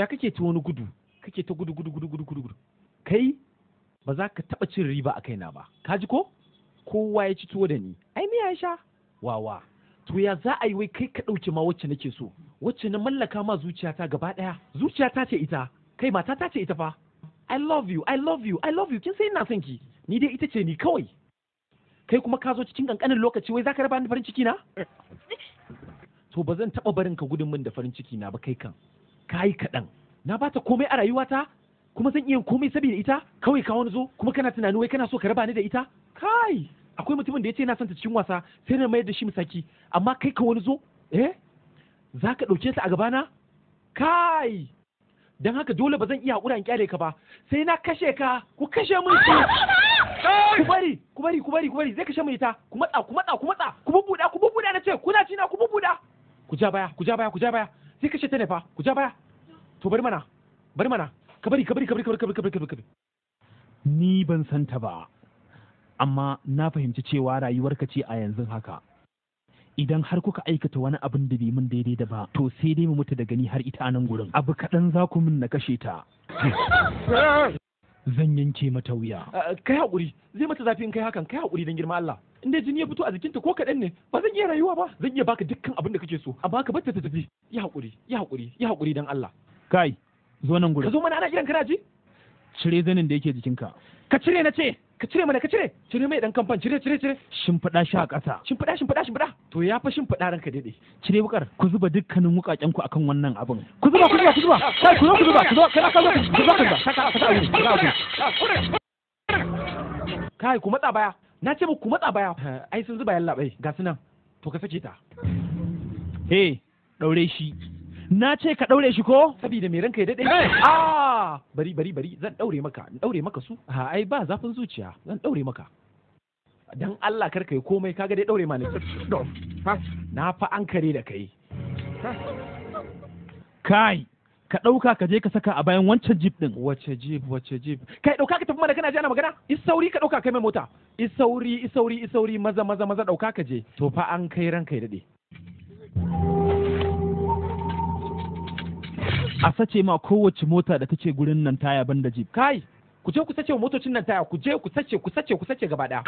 ya kake ta wani gudu kake ta gudu gudu gudu gudu gudu kai ba za ka taba cin riba a kaina ba ka ji ko kowa ya ci tuwo da ni ai me ya sha wawa to ya za a yi wai kai ka ɗauke ma wacce nake so wacce na mallaka ma zuciyata gaba ɗaya zuciyata ce ita kai ta ce ita fa I love you I love you I love you kin sai ina son ki ni dai ita ce ni kawai kai kuma ka zo cikin kankanin lokaci wai zaka raba ni farin ciki na to ba zan taba barin ka gudun min da farin ciki na ba kai kan kayi kaɗan na ba ta komai a rayuwata kuma zan iya komai saboda ita kawai ka wani zo kuma kana tunani wai kana so ka raba ni da ita kai akwai mutumin da ya ce yana son ta cikin wasa sai na mayar da shi misaki amma kai ka wani zo eh za ka ɗauke ta a gabana kai don haka dole ba zan iya haƙura in kyale ka ba sai na kashe ka ku kashe mun shi ku bari ku bari ku bari ku bari zai kashe mun ita ku matsa ku matsa ku matsa ku bubbuda ku bubbuda na ce kuna ci na ku bubbuda ku ja baya ku ja baya ku ja baya sai kashe ta ne fa ku ja baya to bari mana bari mana ka bari ka bari ka bari ka bari ka bari ka bari ni ban san ta ba amma na fahimci cewa rayuwarka ce a yanzu haka idan har kuka aikata wani abin da bai min daidai da ba to sai dai mu mutu da gani har ita nan gurin abu kaɗan za ku min na kashe ta zan yanke mata wuya kai haƙuri zai mata zafi in kai hakan kai haƙuri dan girma Allah in dai jini ya fito a jikinta ko kaɗan ne ba zan iya rayuwa ba zan iya baka dukkan abin da kake so A baka bata ta tafi ya haƙuri, ya haƙuri, ya haƙuri dan Allah kai zo nan gurin ka zo mana ana kiran kana ji cire zanin da yake jikinka ka cire na ce ka cire mana ka cire cire mai dan kamfan cire cire cire shimfiɗa shi a ƙasa shimfiɗa shimfiɗa shimfiɗa to ya fa shimfiɗa ranka daɗe cire wukar ku zuba dukkanin wukaken ku akan wannan abin ku zuba ku zuba ku zuba kai ku zo ku zuba ku zo kai ka zo ku zuba ku zuba ka ka ka kai ku matsa baya na ce ku matsa baya ai sun zuba yallaɓai ga su nan to ka sake ta eh daure shi na ce ka daure shi ko saboda me ranka ya dade a ah! bari bari bari zan daure maka in daure maka su ha ah, ai ba zafin zuciya zan daure maka dan Allah kar kai komai kaga dai daure ma ne na fa an kare da kai kai ka ɗauka ka je ka saka a bayan wancan jeep ɗin. Wace jeep wace jeep. Kai ɗauka ka tafi mana kana jana magana? Is sauri ka ɗauka kai mai mota. Is sauri is sauri is sauri maza maza maza ɗauka ka je. To fa an kai ranka ya daɗe. a sace ma kowace mota da take gurin nan taya banda jeep kai ku je ku sace wa motocin nan taya ku je ku sace ku sace ku sace gaba daya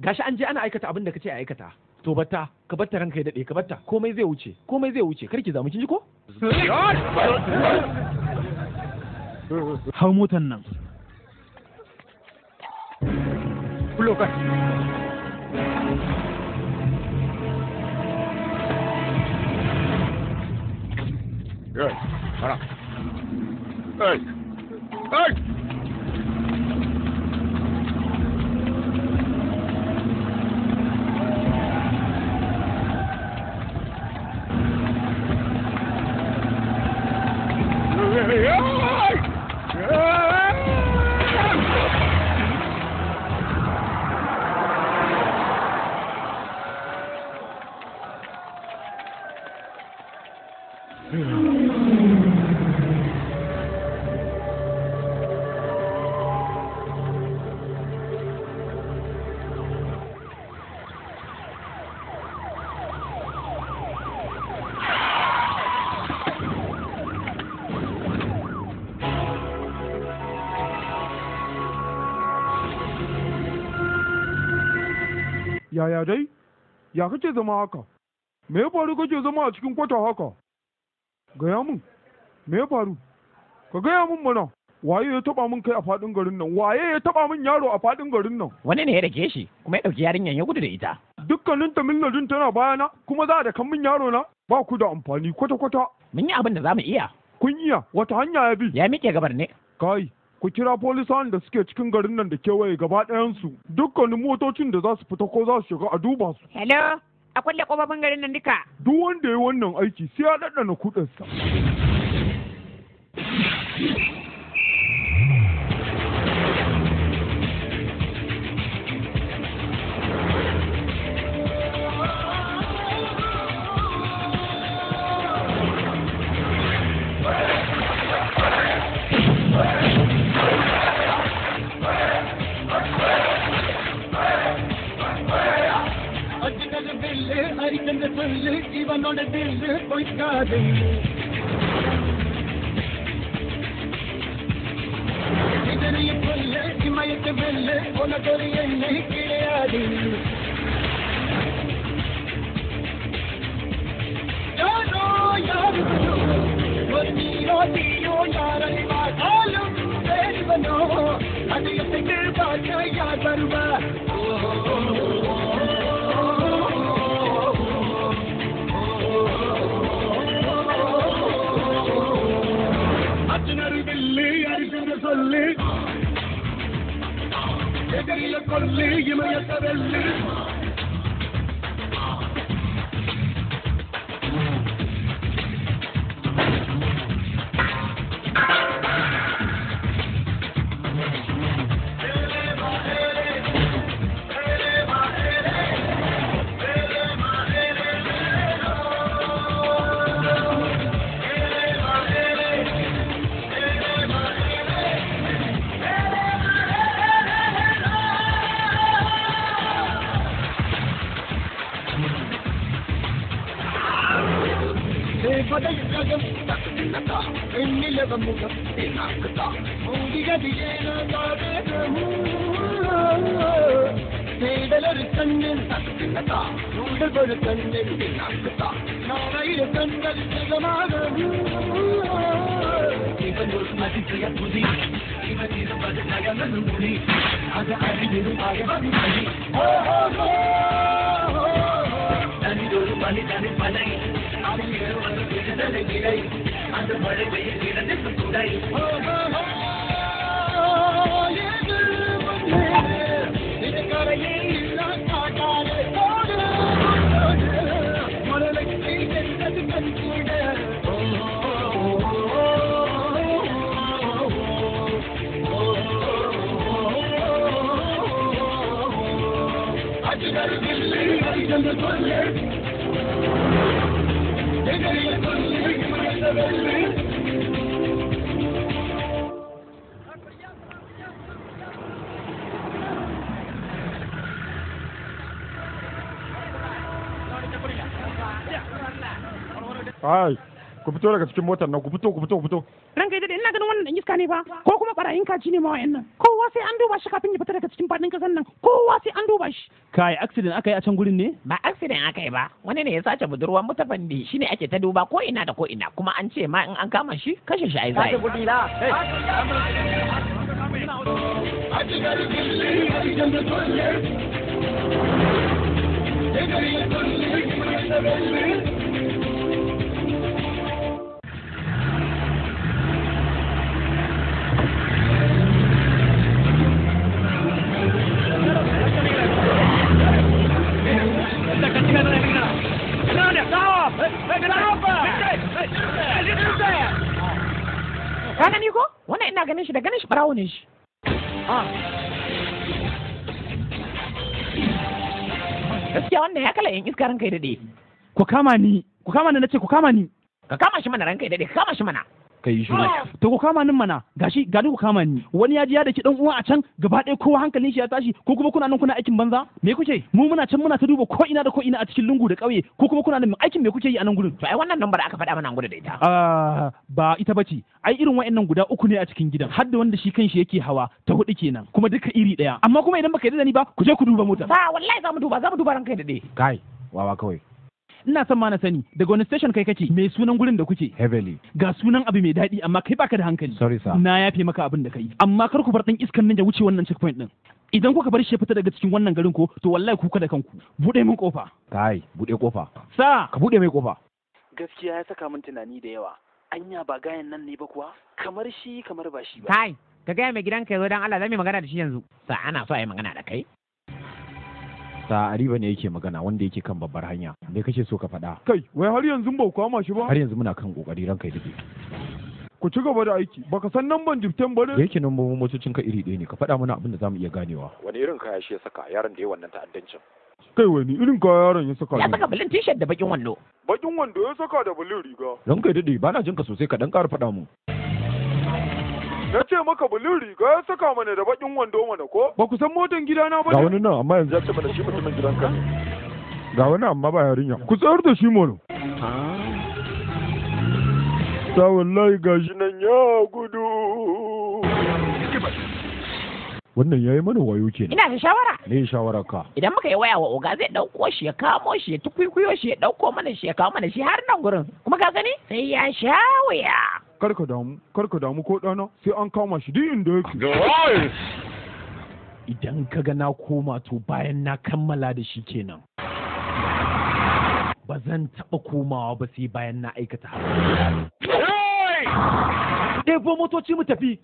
gashi an je ana aikata abin da kace a aikata to batta ka batta ranka ya dade ka batta komai zai wuce komai zai wuce karki zamu kin ji ko hau motan nan Look Good. Hold on. Hey. Hey. Yaya dai? Ya kake zama haka? Me ya faru kake zama a cikin kwata haka? Gaya min, me ya faru? Ka gaya min mana, waye ya taba mun kai a faɗin garin nan? Waye ya taba mun yaro a faɗin garin nan? Wani ne ya rage shi, kuma ya ɗauki yarinyar ya gudu da ita. Dukkanin tamilladin tana bayana, kuma za a da kan min yaro na? Ba ku da amfani kwata-kwata. Mun yi abin da za mu iya. Kun iya, wata hanya ya bi. Ya miƙe gabar ne. Kai, ku kira polisan da suke cikin garin nan da kewaye gaba ɗayansu dukkanin motocin da za su fita ko za su shiga a duba su. Hello, Akwai da ƙofofin garin nan duka. Duk wanda ya yi wannan aiki sai ya ɗaɗɗana kuɗinsa. dili, even on the dili, boy, இமயத்து வெல்லு உனக்கொரு எண்ணெய் கிடையாது யாரோ யாருவனோ ஒரு நீரோ தீயோ யாரறிவாட்டாலும் வேறுவனோ அது எத்தைக்கு பார்க்க யார் வருவா Gözleriyle konseyi yemeye seversin. ശവമുഖത്തെ നടത്താം മൗലിക തേടലൊരു കണ്ണിൽ നടത്താം നൂടൽ ഒരു കണ്ണിൽ നടത്താം നാളെ കണ്ണൽ ശതമാനം இவன் ஒரு மதிப்பைய புதி இவன் இருப்பது நகமது முடி அது அறிவிருப்பாக மதிப்பதி தனிதொரு மனிதனை பனை அதில் இருவது விடுதலை விலை அந்த மழை பெய்ய கிடந்து துடை Thank you. ku fito daga cikin motar nan ku fito ku fito ku fito ranka yi ina ganin wannan dan iska ne ba ko kuma barayin kaji ne ma wayannan kowa sai an duba shi kafin ya fita daga cikin fadin kasan nan kowa sai an duba shi kai accident aka yi a can gurin ne ba accident aka yi ba wani ne ya sace budurwa mota bandi shine ake ta duba ko ina da ko ina kuma an ce ma in an kama shi kashe shi ai zai Thank you. Kana ni ko? Wannan ina ganin shi da ganin shi barawo ne shi. Ah. Gaskiya wannan ya kala yan iska ran kai daɗe. Ku kama ni, ku kama ni na ce ku kama ni. Ka kama shi mana ran kai daɗe, ka kama shi mana. ka yi shiru to ku kama nin mana gashi ga ku kama ni wani ya ji ya daki dan uwa a can gaba ɗaya kowa hankalin shi ya tashi ko kuma kuna nan kuna aikin banza me kuke mu muna can muna ta duba ko ina da ko ina a cikin lungu da ƙauye ko kuma kuna nan aikin me kuke yi a nan gurin to ai wannan lambar aka faɗa mana gudu da ita ah, ba ita bace ai irin wa'annan guda uku ne a cikin gidan har da wanda shi kanshi yake hawa ta huɗu kenan kuma duka iri ɗaya amma kuma idan baka yarda da ni ba ku je ku duba motar ba wallahi za mu duba za mu duba kai da dai kai wawa kawai ina son ma na sani daga wani station kai kace me sunan gurin da kuke heavily ga sunan abu mai daɗi amma kai baka da hankali sorry sir na yafe maka abin da kai amma kar ku bar dan iskan nan ya wuce wannan checkpoint din idan kuka bar shi fita daga cikin wannan garin ko to wallahi kuka da kanku bude min kofa kai bude kofa sa ka bude mai kofa gaskiya ya saka min tunani da yawa anya ba gayan nan ne ba kuwa kamar shi kamar ba shi ba kai ka gaya mai gidanka yazo dan Allah zan yi magana da shi yanzu sa ana so a yi magana da kai Musa Ariba ne yake magana wanda yake kan babbar hanya. Me kake so ka faɗa? Kai, wai har yanzu ba ku kama shi ba? Har yanzu muna kan kokari ranka ya dube. Ku ci gaba da aiki, baka san namban jiften bare? Yake nan mu motocin ka iri ɗaya ne, ka faɗa mana abin da zamu iya ganewa. Wani irin kaya shi ya saka yaron da ya wannan ta'addancin? kai wani irin kaya yaron ya saka ya saka bulin t-shirt da bakin wando bakin wando ya saka da bulin riga ranka dade ba na jinka sosai ka dan ƙara faɗa mu Na ce maka Bulin riga ya saka mana da bakin wando mana ko? Ba ku san motan gidana ba ne? Ga wani nan amma yanzu ya ce mana shi mutumin gidan ka. Ga wani amma ba yarinya. Ku tsayar da shi mono. Ta wallahi ga shi nan ya gudu. Wannan ya yi mana wayo nan. Ina da shawara. Me shawara ka? Idan muka yi waya wa oga zai ɗauko shi ya kamo shi ya tukwikwiyo shi ya ɗauko mana shi ya kawo mana shi har nan gurin. Kuma ka gani? Sai ya sha wuya. karka damu kar damu ko ɗana sai an kama shi duk inda yake idan ka ga na koma to bayan na kammala da shi kenan ba zan taɓa komawa ba sai bayan na aikata haka. Ɗebo motoci mu tafi!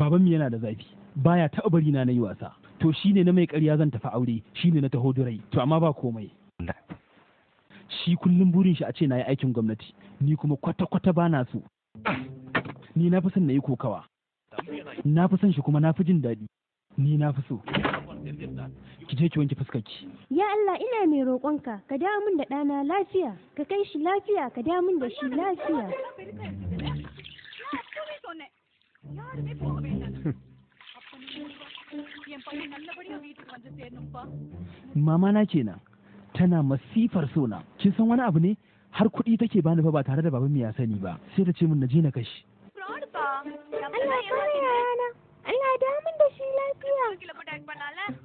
baban yana da zafi baya taɓa bari na na yi wasa to shine na mai ƙarya zan tafi aure shine na taho durai to amma ba komai shi kullum burin shi a ce na yi aikin gwamnati ni kuma kwata-kwata ba na so ni na fi son na yi kokawa na fi son shi kuma na fi jin daɗi ni na fi so ki je ki wanke fuskarki ya Allah ina mai roƙonka ka dawo min da ɗana lafiya ka kai shi lafiya ka dawo min da shi lafiya Mamana na kenan tana masifar sona kin san wani abu ne har kuɗi take bani fa ba tare da baban ya sani ba sai ta ce min na je na kashi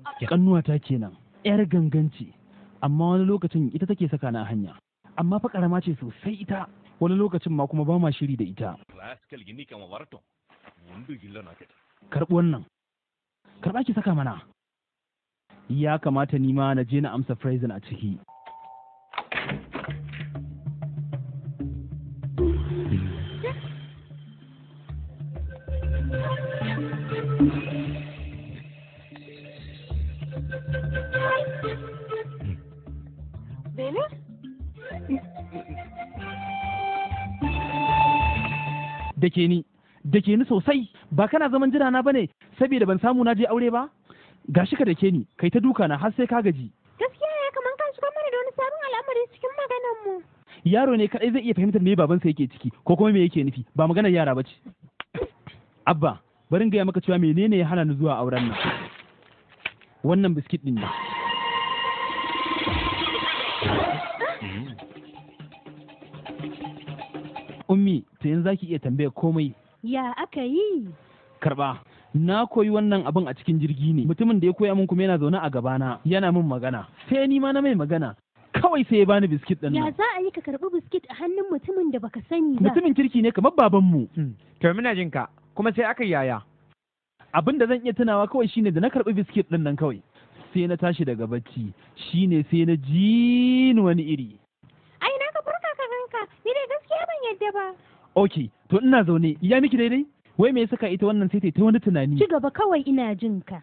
Allah kannuwa ta kenan yar ganganci amma wani lokacin ita take saka na hanya amma fa karama ce sosai ita wani lokacin ma kuma ba ma shiri da ita karɓi wannan karba ki saka mana ya kamata ni ma na je na amsa phrasing a ciki da ke ni da ke ni sosai ba kana zaman jira na bane saboda ban samu na je aure ba gashi ka da ke ni kai ta duka na har sai ka gaji gaskiya ya kaman kan shiga mana da wani sabon al'amari cikin maganan mu yaro ne kadai zai iya fahimtar me babansa yake ciki ko kuma me yake nufi ba maganar yara bace abba barin gaya maka cewa menene ya hana ni zuwa auren nan wannan biskit din ne ummi to yanzu zaki iya tambayar komai Ya aka yi? Karɓa. na koyi wannan abin a cikin jirgi ne mutumin da ya koya min kuma yana zaune a gabana yana min magana sai ni ma na mai magana kawai sai ya bani biskit din ya za a yi ka karbi biskit a hannun mutumin da baka sani ba mutumin kirki ne kamar baban mu hmm. to muna jin ka kuma sai aka yaya abin da zan iya tunawa kawai shine da na karbi biskit ɗin nan kawai sai na tashi daga bacci shine sai na ji wani iri ai na ka furka ka ganka ni dai gaskiya ban yadda ba ok to ina zaune ya miki daidai wai me ya saka ita wannan sai ta wani tunani ci gaba kawai ina jin ka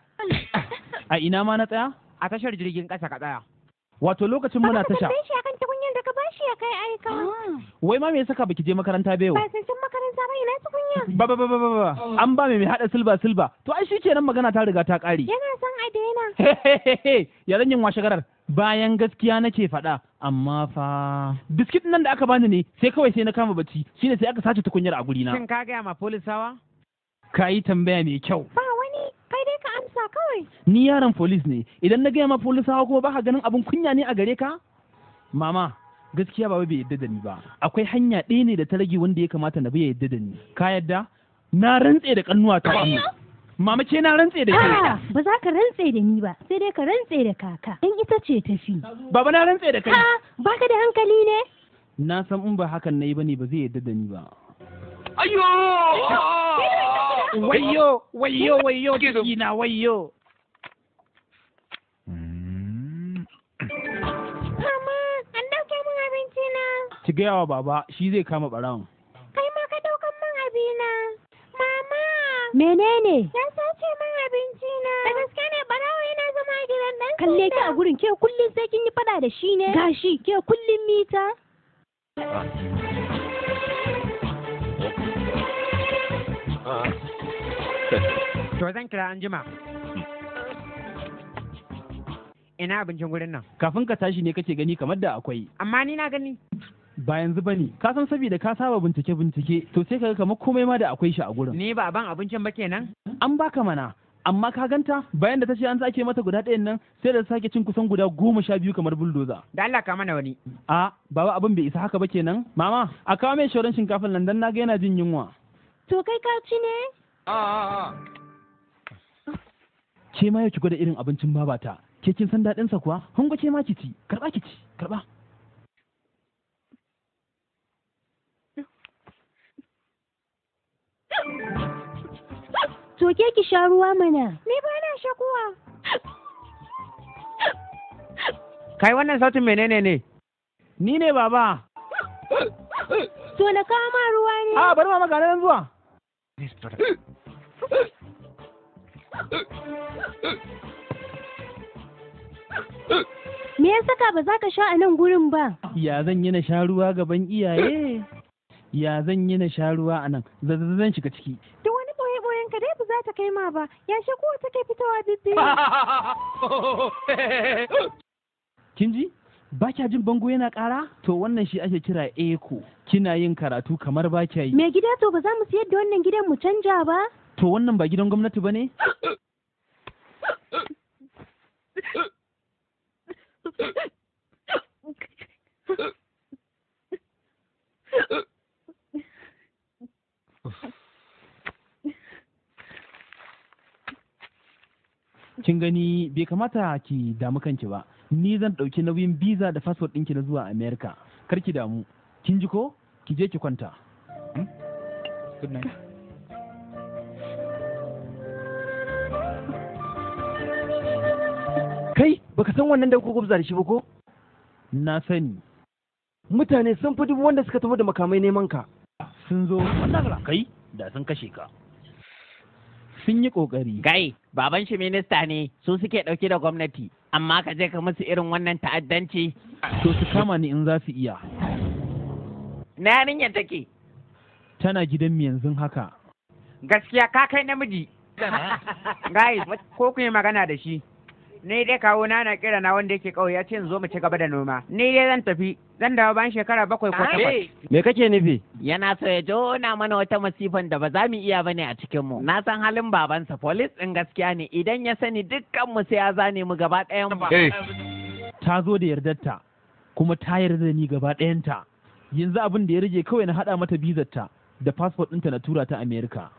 a ina ma na tsaya a tashar jirgin ƙasa ka tsaya wato lokacin muna tasha ba shi akan tukunyar da ka bashi ya kai aika ah. wai ma me ya saka baki je makaranta ba yau ba san makaranta ba ina tukunya ba ba ba ba ba an ba mai hada silba silba to ai shikenan magana ta riga ta ƙare yana son a daina ya zan yin washe garar bayan gaskiya nake faɗa amma fa biskit nan da aka bani ne sai kawai sai na kama bacci shine sai aka sace tukunyar a gurina shin ka gaya ma polisawa ka yi tambaya mai kyau ba wani kai dai ka amsa kawai ni yaron polis ne idan na gaya ma polisawa kuma baka ganin abin kunya ne a gare ka mama gaskiya baba bai yadda da ni ba akwai hanya ɗaya ne da ta rage wanda ya kamata na bi yadda da ni ka yadda na rantse da kannuwa ta amma Mama ce na rantse da ke. Ah, ba za ka rantse da ni ba, sai dai ka rantse da kaka. In ita ce tafi. Baba na rantse da kai. ba ka da hankali ne? Na san in ba hakan na yi ba ne ba zai yadda da ni ba. Ayyo! Wayyo, wayyo, wayyo, na wayyo. Mama, an dauke min abinci na. Ki gaya wa baba, shi zai kama barawon. Menene? Ya sace min abinci na. Da gaske ne barawo yana zama a gidan nan? Kalle ki a gurin ke kullum sai kin yi fada da shi ne. Gashi ke kullum mita. To zan kira anjima. Ina abincin gurin nan. Kafin ka tashi ne kake gani kamar da akwai. Amma ni na gani. ba yanzu bane ka san saboda ka saba bincike bincike to sai ga kamar komai ma da akwai shi a gurin ni ba ban abincin ba kenan an baka mana amma ka ganta bayan da ta ce an sake mata guda ɗayan nan sai da ta sake cin kusan guda goma sha biyu kamar buldoza. Da Allah ka mana wani. A baba abin bai isa haka ba kenan. Mama a kawo mai shauran shinkafin nan dan naga yana jin yunwa. To kai ka ci ne? A a a. Ke ma yau ki gwada irin abincin babata. Ke kin san daɗinsa kuwa? Hungo ke ma ki ci, karɓa ki ci, karɓa. Sauke ki sha ruwa mana. Ni ba na shakuwa. Kai wannan sautin menene ne? Ni ne baba. To na kama ruwa ne. A ah, bari mama ganin zuwa. Me ya saka ba za ka sha a nan gurin ba? Ya zan yi na sha ruwa gaban iyaye? Ya zan yi na sha ruwa a nan, zan shiga ciki. za ta kai ma ba ya yashe kowa take fitowa bibbi <laughs> kin ji ba kya jin bango yana ƙara? To wannan shi ake kira eko. Kina yin karatu kamar ba kya yi. Me gida to ba za mu siyar da wannan gidan mu canja ba? To wannan ba gidan gwamnati ba ne? uh <laughs> kin gani bai kamata ki damu kanki ba ni zan ɗauki nauyin biza da fasfot ɗinki na zuwa america kar ki damu kin ji ko ki je ki kwanta hmm? kai baka san wannan da kuka gubza da shi ba ko na sani mutane sun fi dubu wanda suka tafi da makamai neman ka sun zo kai da sun kashe ka sun yi kokari gai baban shi minista ne su suke dauke da gwamnati amma ka je ka musu irin wannan ta'addanci to su kama ni in za su iya na yarinya take tana gidan mu yanzu haka gaskiya ka kai namiji gai ko ku yi magana da shi ni dai kawo na na kira na wanda yake kauye ya ce in zo mu ci gaba da noma ni dai zan tafi zan dawo bayan shekara bakwai ko takwas me kake nufi yana so ya jona mana wata masifan da ba za mu iya ne a cikin mu na san halin babansa police din gaskiya ne idan ya sani dukkan mu sai ya zane mu gaba ɗayan mu ta zo da yardarta kuma ta yarda da ni gaba ɗayanta yanzu abin da ya rage kawai na haɗa mata ta da fasfot ɗinta na tura ta amerika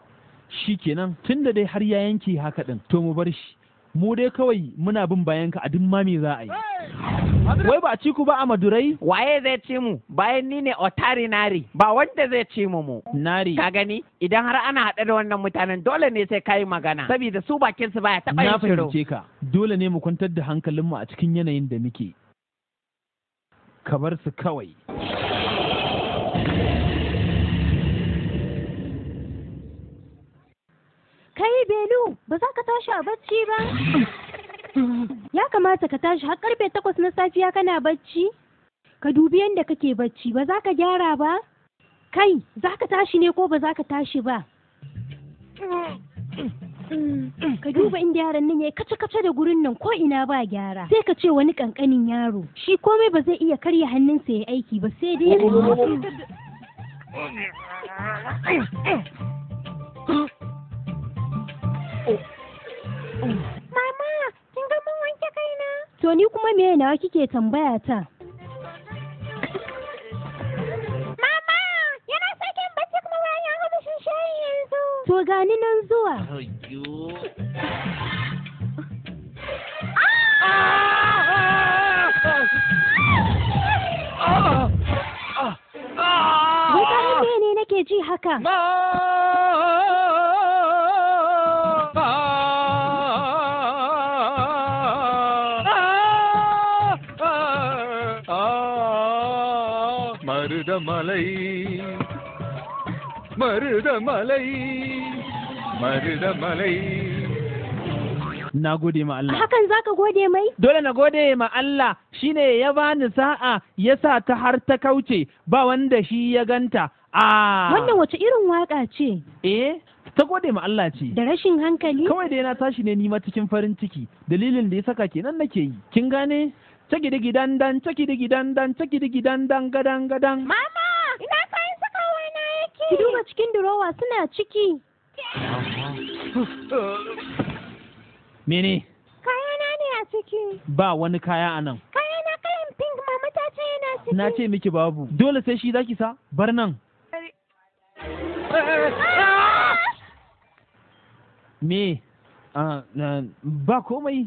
kenan tun da dai har ya yanke haka ɗin to mu bar shi mu dai kawai muna bin bayanka a duk mami za a yi wai ba a ci ku ba a madurai waye zai ci mu bayan ni ne otari nari ba wanda zai ci mu mu nari ka gani idan har ana haɗe da wannan mutanen dole ne sai kayi magana saboda su bakin su baya taɓa yin na fahimce ka dole ne mu kwantar da hankalinmu a cikin yanayin da muke Kabar su kawai Kai Belu, ba za ka tashi a bacci ba? Ya kamata ka tashi har karfe takwas na safiya kana bacci? Ka dubi yadda kake bacci, ba za ka gyara ba? Kai, za ka tashi ne ko ba za ka tashi ba? Ka duba inda yaran nan ya kace-kace da gurin nan ko ina ba gyara. Sai ka ce wani kankanin yaro. Shi komai ba zai iya karya hannunsa ya aiki ba sai dai. <laughs> <laughs> Mama, kin ga mun wanke kaina? To ni kuma me nawa kike tambaya ta? Mama, yana sakin bacci kuma bayan ya gama shayi yanzu. To gani nan zuwa. Wata ne nake ji haka. Marudhamalai மருதமலை Marudhamalai na gode ma Allah. Hakan za ka gode mai? Dole na gode ma Allah shi ne ya bani sa'a ya sa ta har ta kauce ba wanda shi ya ganta. Ah. Wannan wace irin waka ce? Eh? ta gode ma Allah ce da rashin hankali kawai da yana tashi ne nima cikin farin ciki dalilin da ya saka kenan nake yi kin gane caki digi dan, caki digi dan, caki digi dan, gadan gadan mama ina kayan sakawa na yake ki duba cikin durowa suna ciki mene Kaya na ne a ciki ba wani kaya a nan na kalan pink mama ta ce yana ciki na ce miki babu dole sai shi zaki sa bar nan Ah! me ba komai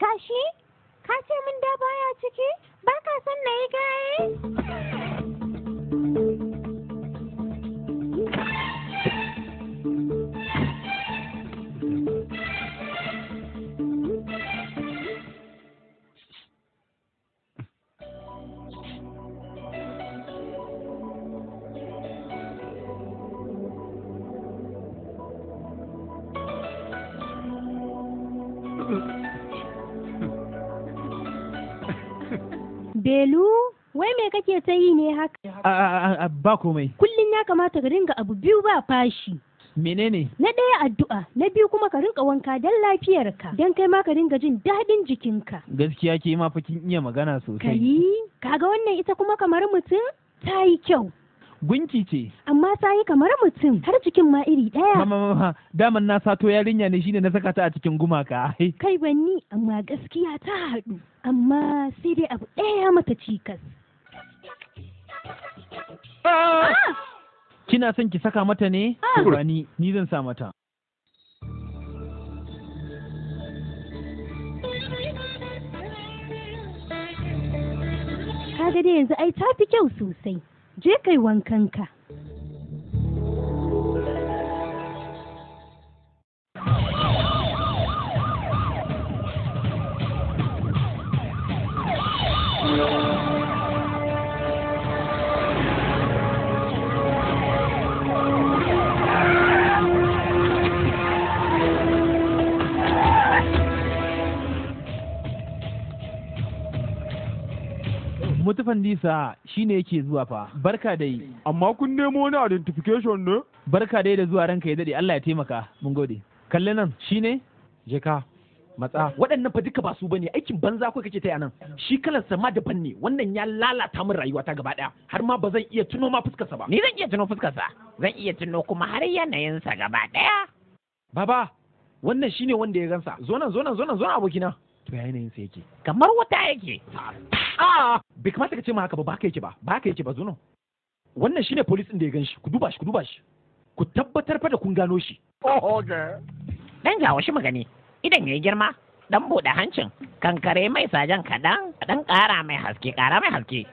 gashi ka ce min da baya ciki ba ka son na yi gaye <laughs> Belu, wai me kake ta yi ne haka? Ba komai. Kullum ya kamata ka ringa abu biyu ba fashi. menene na ɗaya addu'a na biyu kuma ka rinka wanka don lafiyarka don kai ma ka rinka jin daɗin jikinka gaskiya ke ma fa kin iya magana sosai kayi kaga wannan ita kuma kamar mutum ta yi kyau gunki ce. Amma ta yi kamar mutum har cikin ma iri ɗaya. daman na sato yarinya ne shine na saka ta a cikin gumaka. Kai wani amma gaskiya ta haɗu amma sai dai abu ɗaya mata cikas. Ah! Ah! Kina son ki saka mata ne? Ah! Wani ni zan sa mata. Kaga dai yanzu ai ta fi kyau sosai. je kai wankanka. thank <laughs> mutufan shi shine yake zuwa fa barka dai amma kun nemo wani identification ne barka dai da zuwa ranka ya dade Allah ya taimaka mun gode kalle nan shine jeka matsa waɗannan fa duka ba su bane aikin banza ko kake ta nan shi kalar sama daban ne wannan ya lalata min rayuwata gaba daya har ma ba zan iya tuno ma fuskarsa ba ni zan iya tuno fuskarsa zan iya tuno kuma har yanayinsa gaba daya baba wannan shine wanda ya gansa zo nan zo nan zo nan zo abokina to ya yanayinsa yake kamar wata yake a bai kamata ka ce ma haka ba ba ka yake ba ba ka yake ba zuno wannan shine police din da ya gan shi ku duba shi ku duba shi ku tabbatar fa da kun gano shi oh, dan jawo shi magani idan yayi girma dan bude hancin kankare mai sajan kadan dan kara mai haske kara mai haske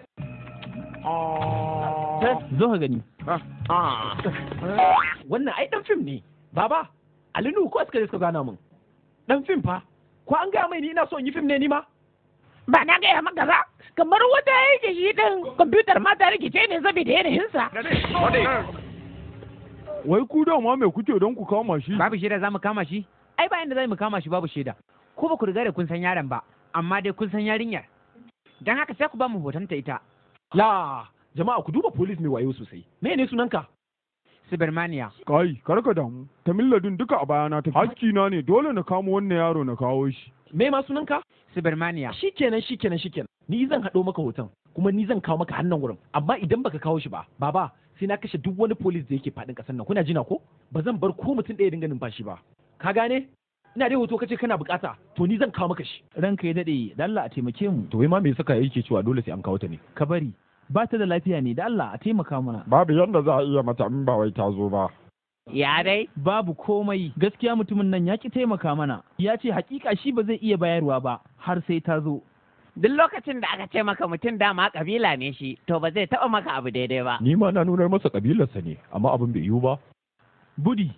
oh. eh, zo ka gani ah. wannan ai dan fim ne baba alinu ko suka suka gana min dan fim fa ko an gaya mai ni ina so in yi fim ne ni ma ba na gaya maka ba kamar wata yake yi din kwamfutar mata ta rikice ne saboda sa wai ku dama me kuke don ku kama shi babu shaida za mu kama shi ai ba inda za mu kama shi babu shaida ko ba ku riga da kun san yaron ba amma dai kun san yarinyar don haka sai ku ba mu hoton ta ita la jama'a ku duba police mai wayo sosai me ne sunanka Cybermania. Kai, kar ka damu. Tamilladin duka a bayana ta. Hakki na ne, dole na kamo wannan yaro na kawo shi. Me ma sunanka? Cybermania. kenan shikenan kenan. Ni zan haɗo maka hoton kuma ni zan kawo maka hannun wurin amma idan baka kawo shi ba baba sai na kashe duk wani polis da yake faɗin ƙasar nan kuna jina ko ba zan bar ko mutum ɗaya dinga numfashi ba ka gane ina dai hoto kace kana bukata to ni zan kawo maka shi ranka ya dade da Allah a taimake mu to wai ma me saka yake cewa dole sai an kawo ta ne ka bari ba ta da lafiya ne da Allah a taimaka mana babu yanda za a iya mata in ba wai ta zo ba ya dai babu komai gaskiya mutumin nan ya ki taimaka mana ya ce hakika shi ba zai iya bayarwa ba har sai ta zo duk lokacin da aka ce maka mutum dama kabila ne shi to ba zai taba maka abu daidai ba ni ma na nunar masa kabilarsa ne amma abin bai yiwu ba budi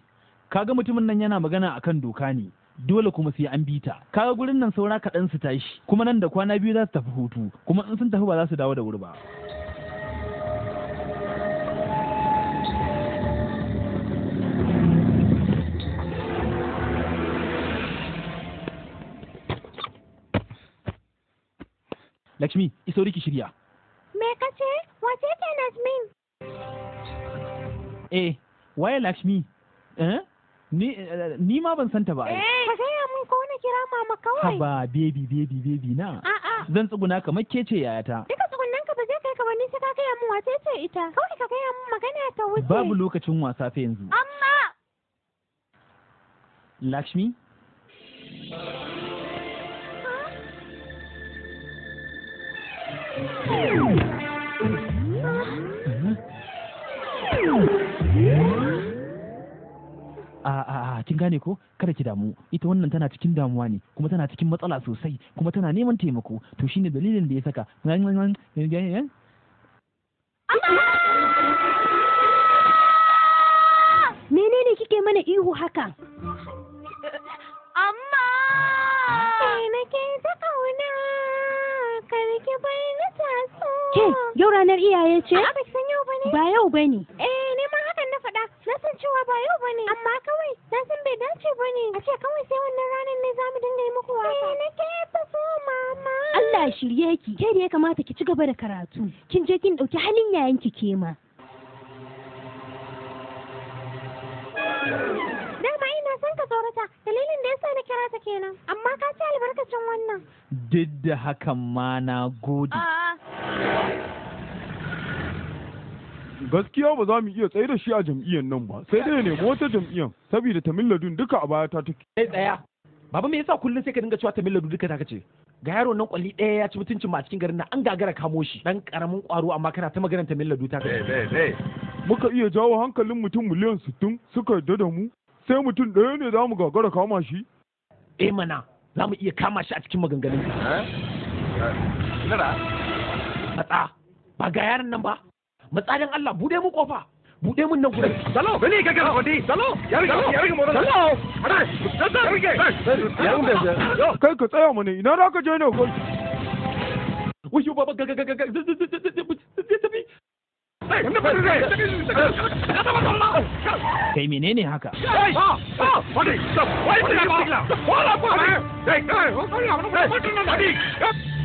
kaga mutumin nan yana magana akan doka ne dole kuma sai an bita. ta kaga gurin nan saura kaɗan su tashi kuma nan da kwana biyu za su tafi hutu kuma in sun tafi ba za su dawo da wuri ba Lakshmi, iso ki shirya. Me ka ce? Wace ce Nazmin? Eh, waye Lakshmi? Eh? Ni, ma ban santa ba. Eh, ka gaya mun ko na kira mama kawai. Haba, baby, baby, baby na. A'a. Zan tsuguna kamar ke ce yayata. Duka tsugunan ka ba zai kai ka ba ni sai ka gaya mun wace ce ita. Kawai ka gaya mun magana ta wuce. Babu lokacin wasa fa yanzu. Amma. Lakshmi? a kin gane ko kada ki damu ita wannan tana cikin damuwa ne kuma tana cikin matsala sosai kuma tana neman taimako to shine dalilin da ya saka menene kike mana ihu haka amma eh, ke ta kauna bai na taso ke yau ranar iyaye ce ba yau bane eh na san cewa ba yau ne amma kawai na san bai dace ba ne. a ce kawai sai wannan ranar ne zamu dinga yi muku waka eh ke ba so mama Allah shirye ki kai da ya kamata ki ci gaba da karatu kin je kin dauki halin yayan ki kema dama ina son ka tsorata dalilin da yasa na kira ta kenan amma ka ci albarkacin wannan duk da hakan ma na gode gaskiya ba za mu iya tsaye da shi a jam'iyyar nan ba sai dai ne wata jam'iyyar saboda tamilladun duka a baya ta take sai tsaya baba me yasa kullum sai ka dinga cewa tamilladun duka ta kace ga yaro nan kwalli ɗaya ya ci mutuncin ma cikin garin nan an gagara kamo shi dan karamin kwaro amma kana ta maganar tamilladu ta kace muka iya jawo hankalin mutum miliyan sittin suka yarda da mu sai mutum ɗaya ne za mu gagara kama shi eh mana za mu iya kama shi a cikin maganganun ka eh? eh, ba ga yaron nan ba matsadan Allah bude mu kofa bude mun nan gurin salo ka wadi salo ya ya mu salo ya ya kai ka tsaya mu ne ina za ka je ne ko wai baba ga ga ga ga Kai menene haka? Kai!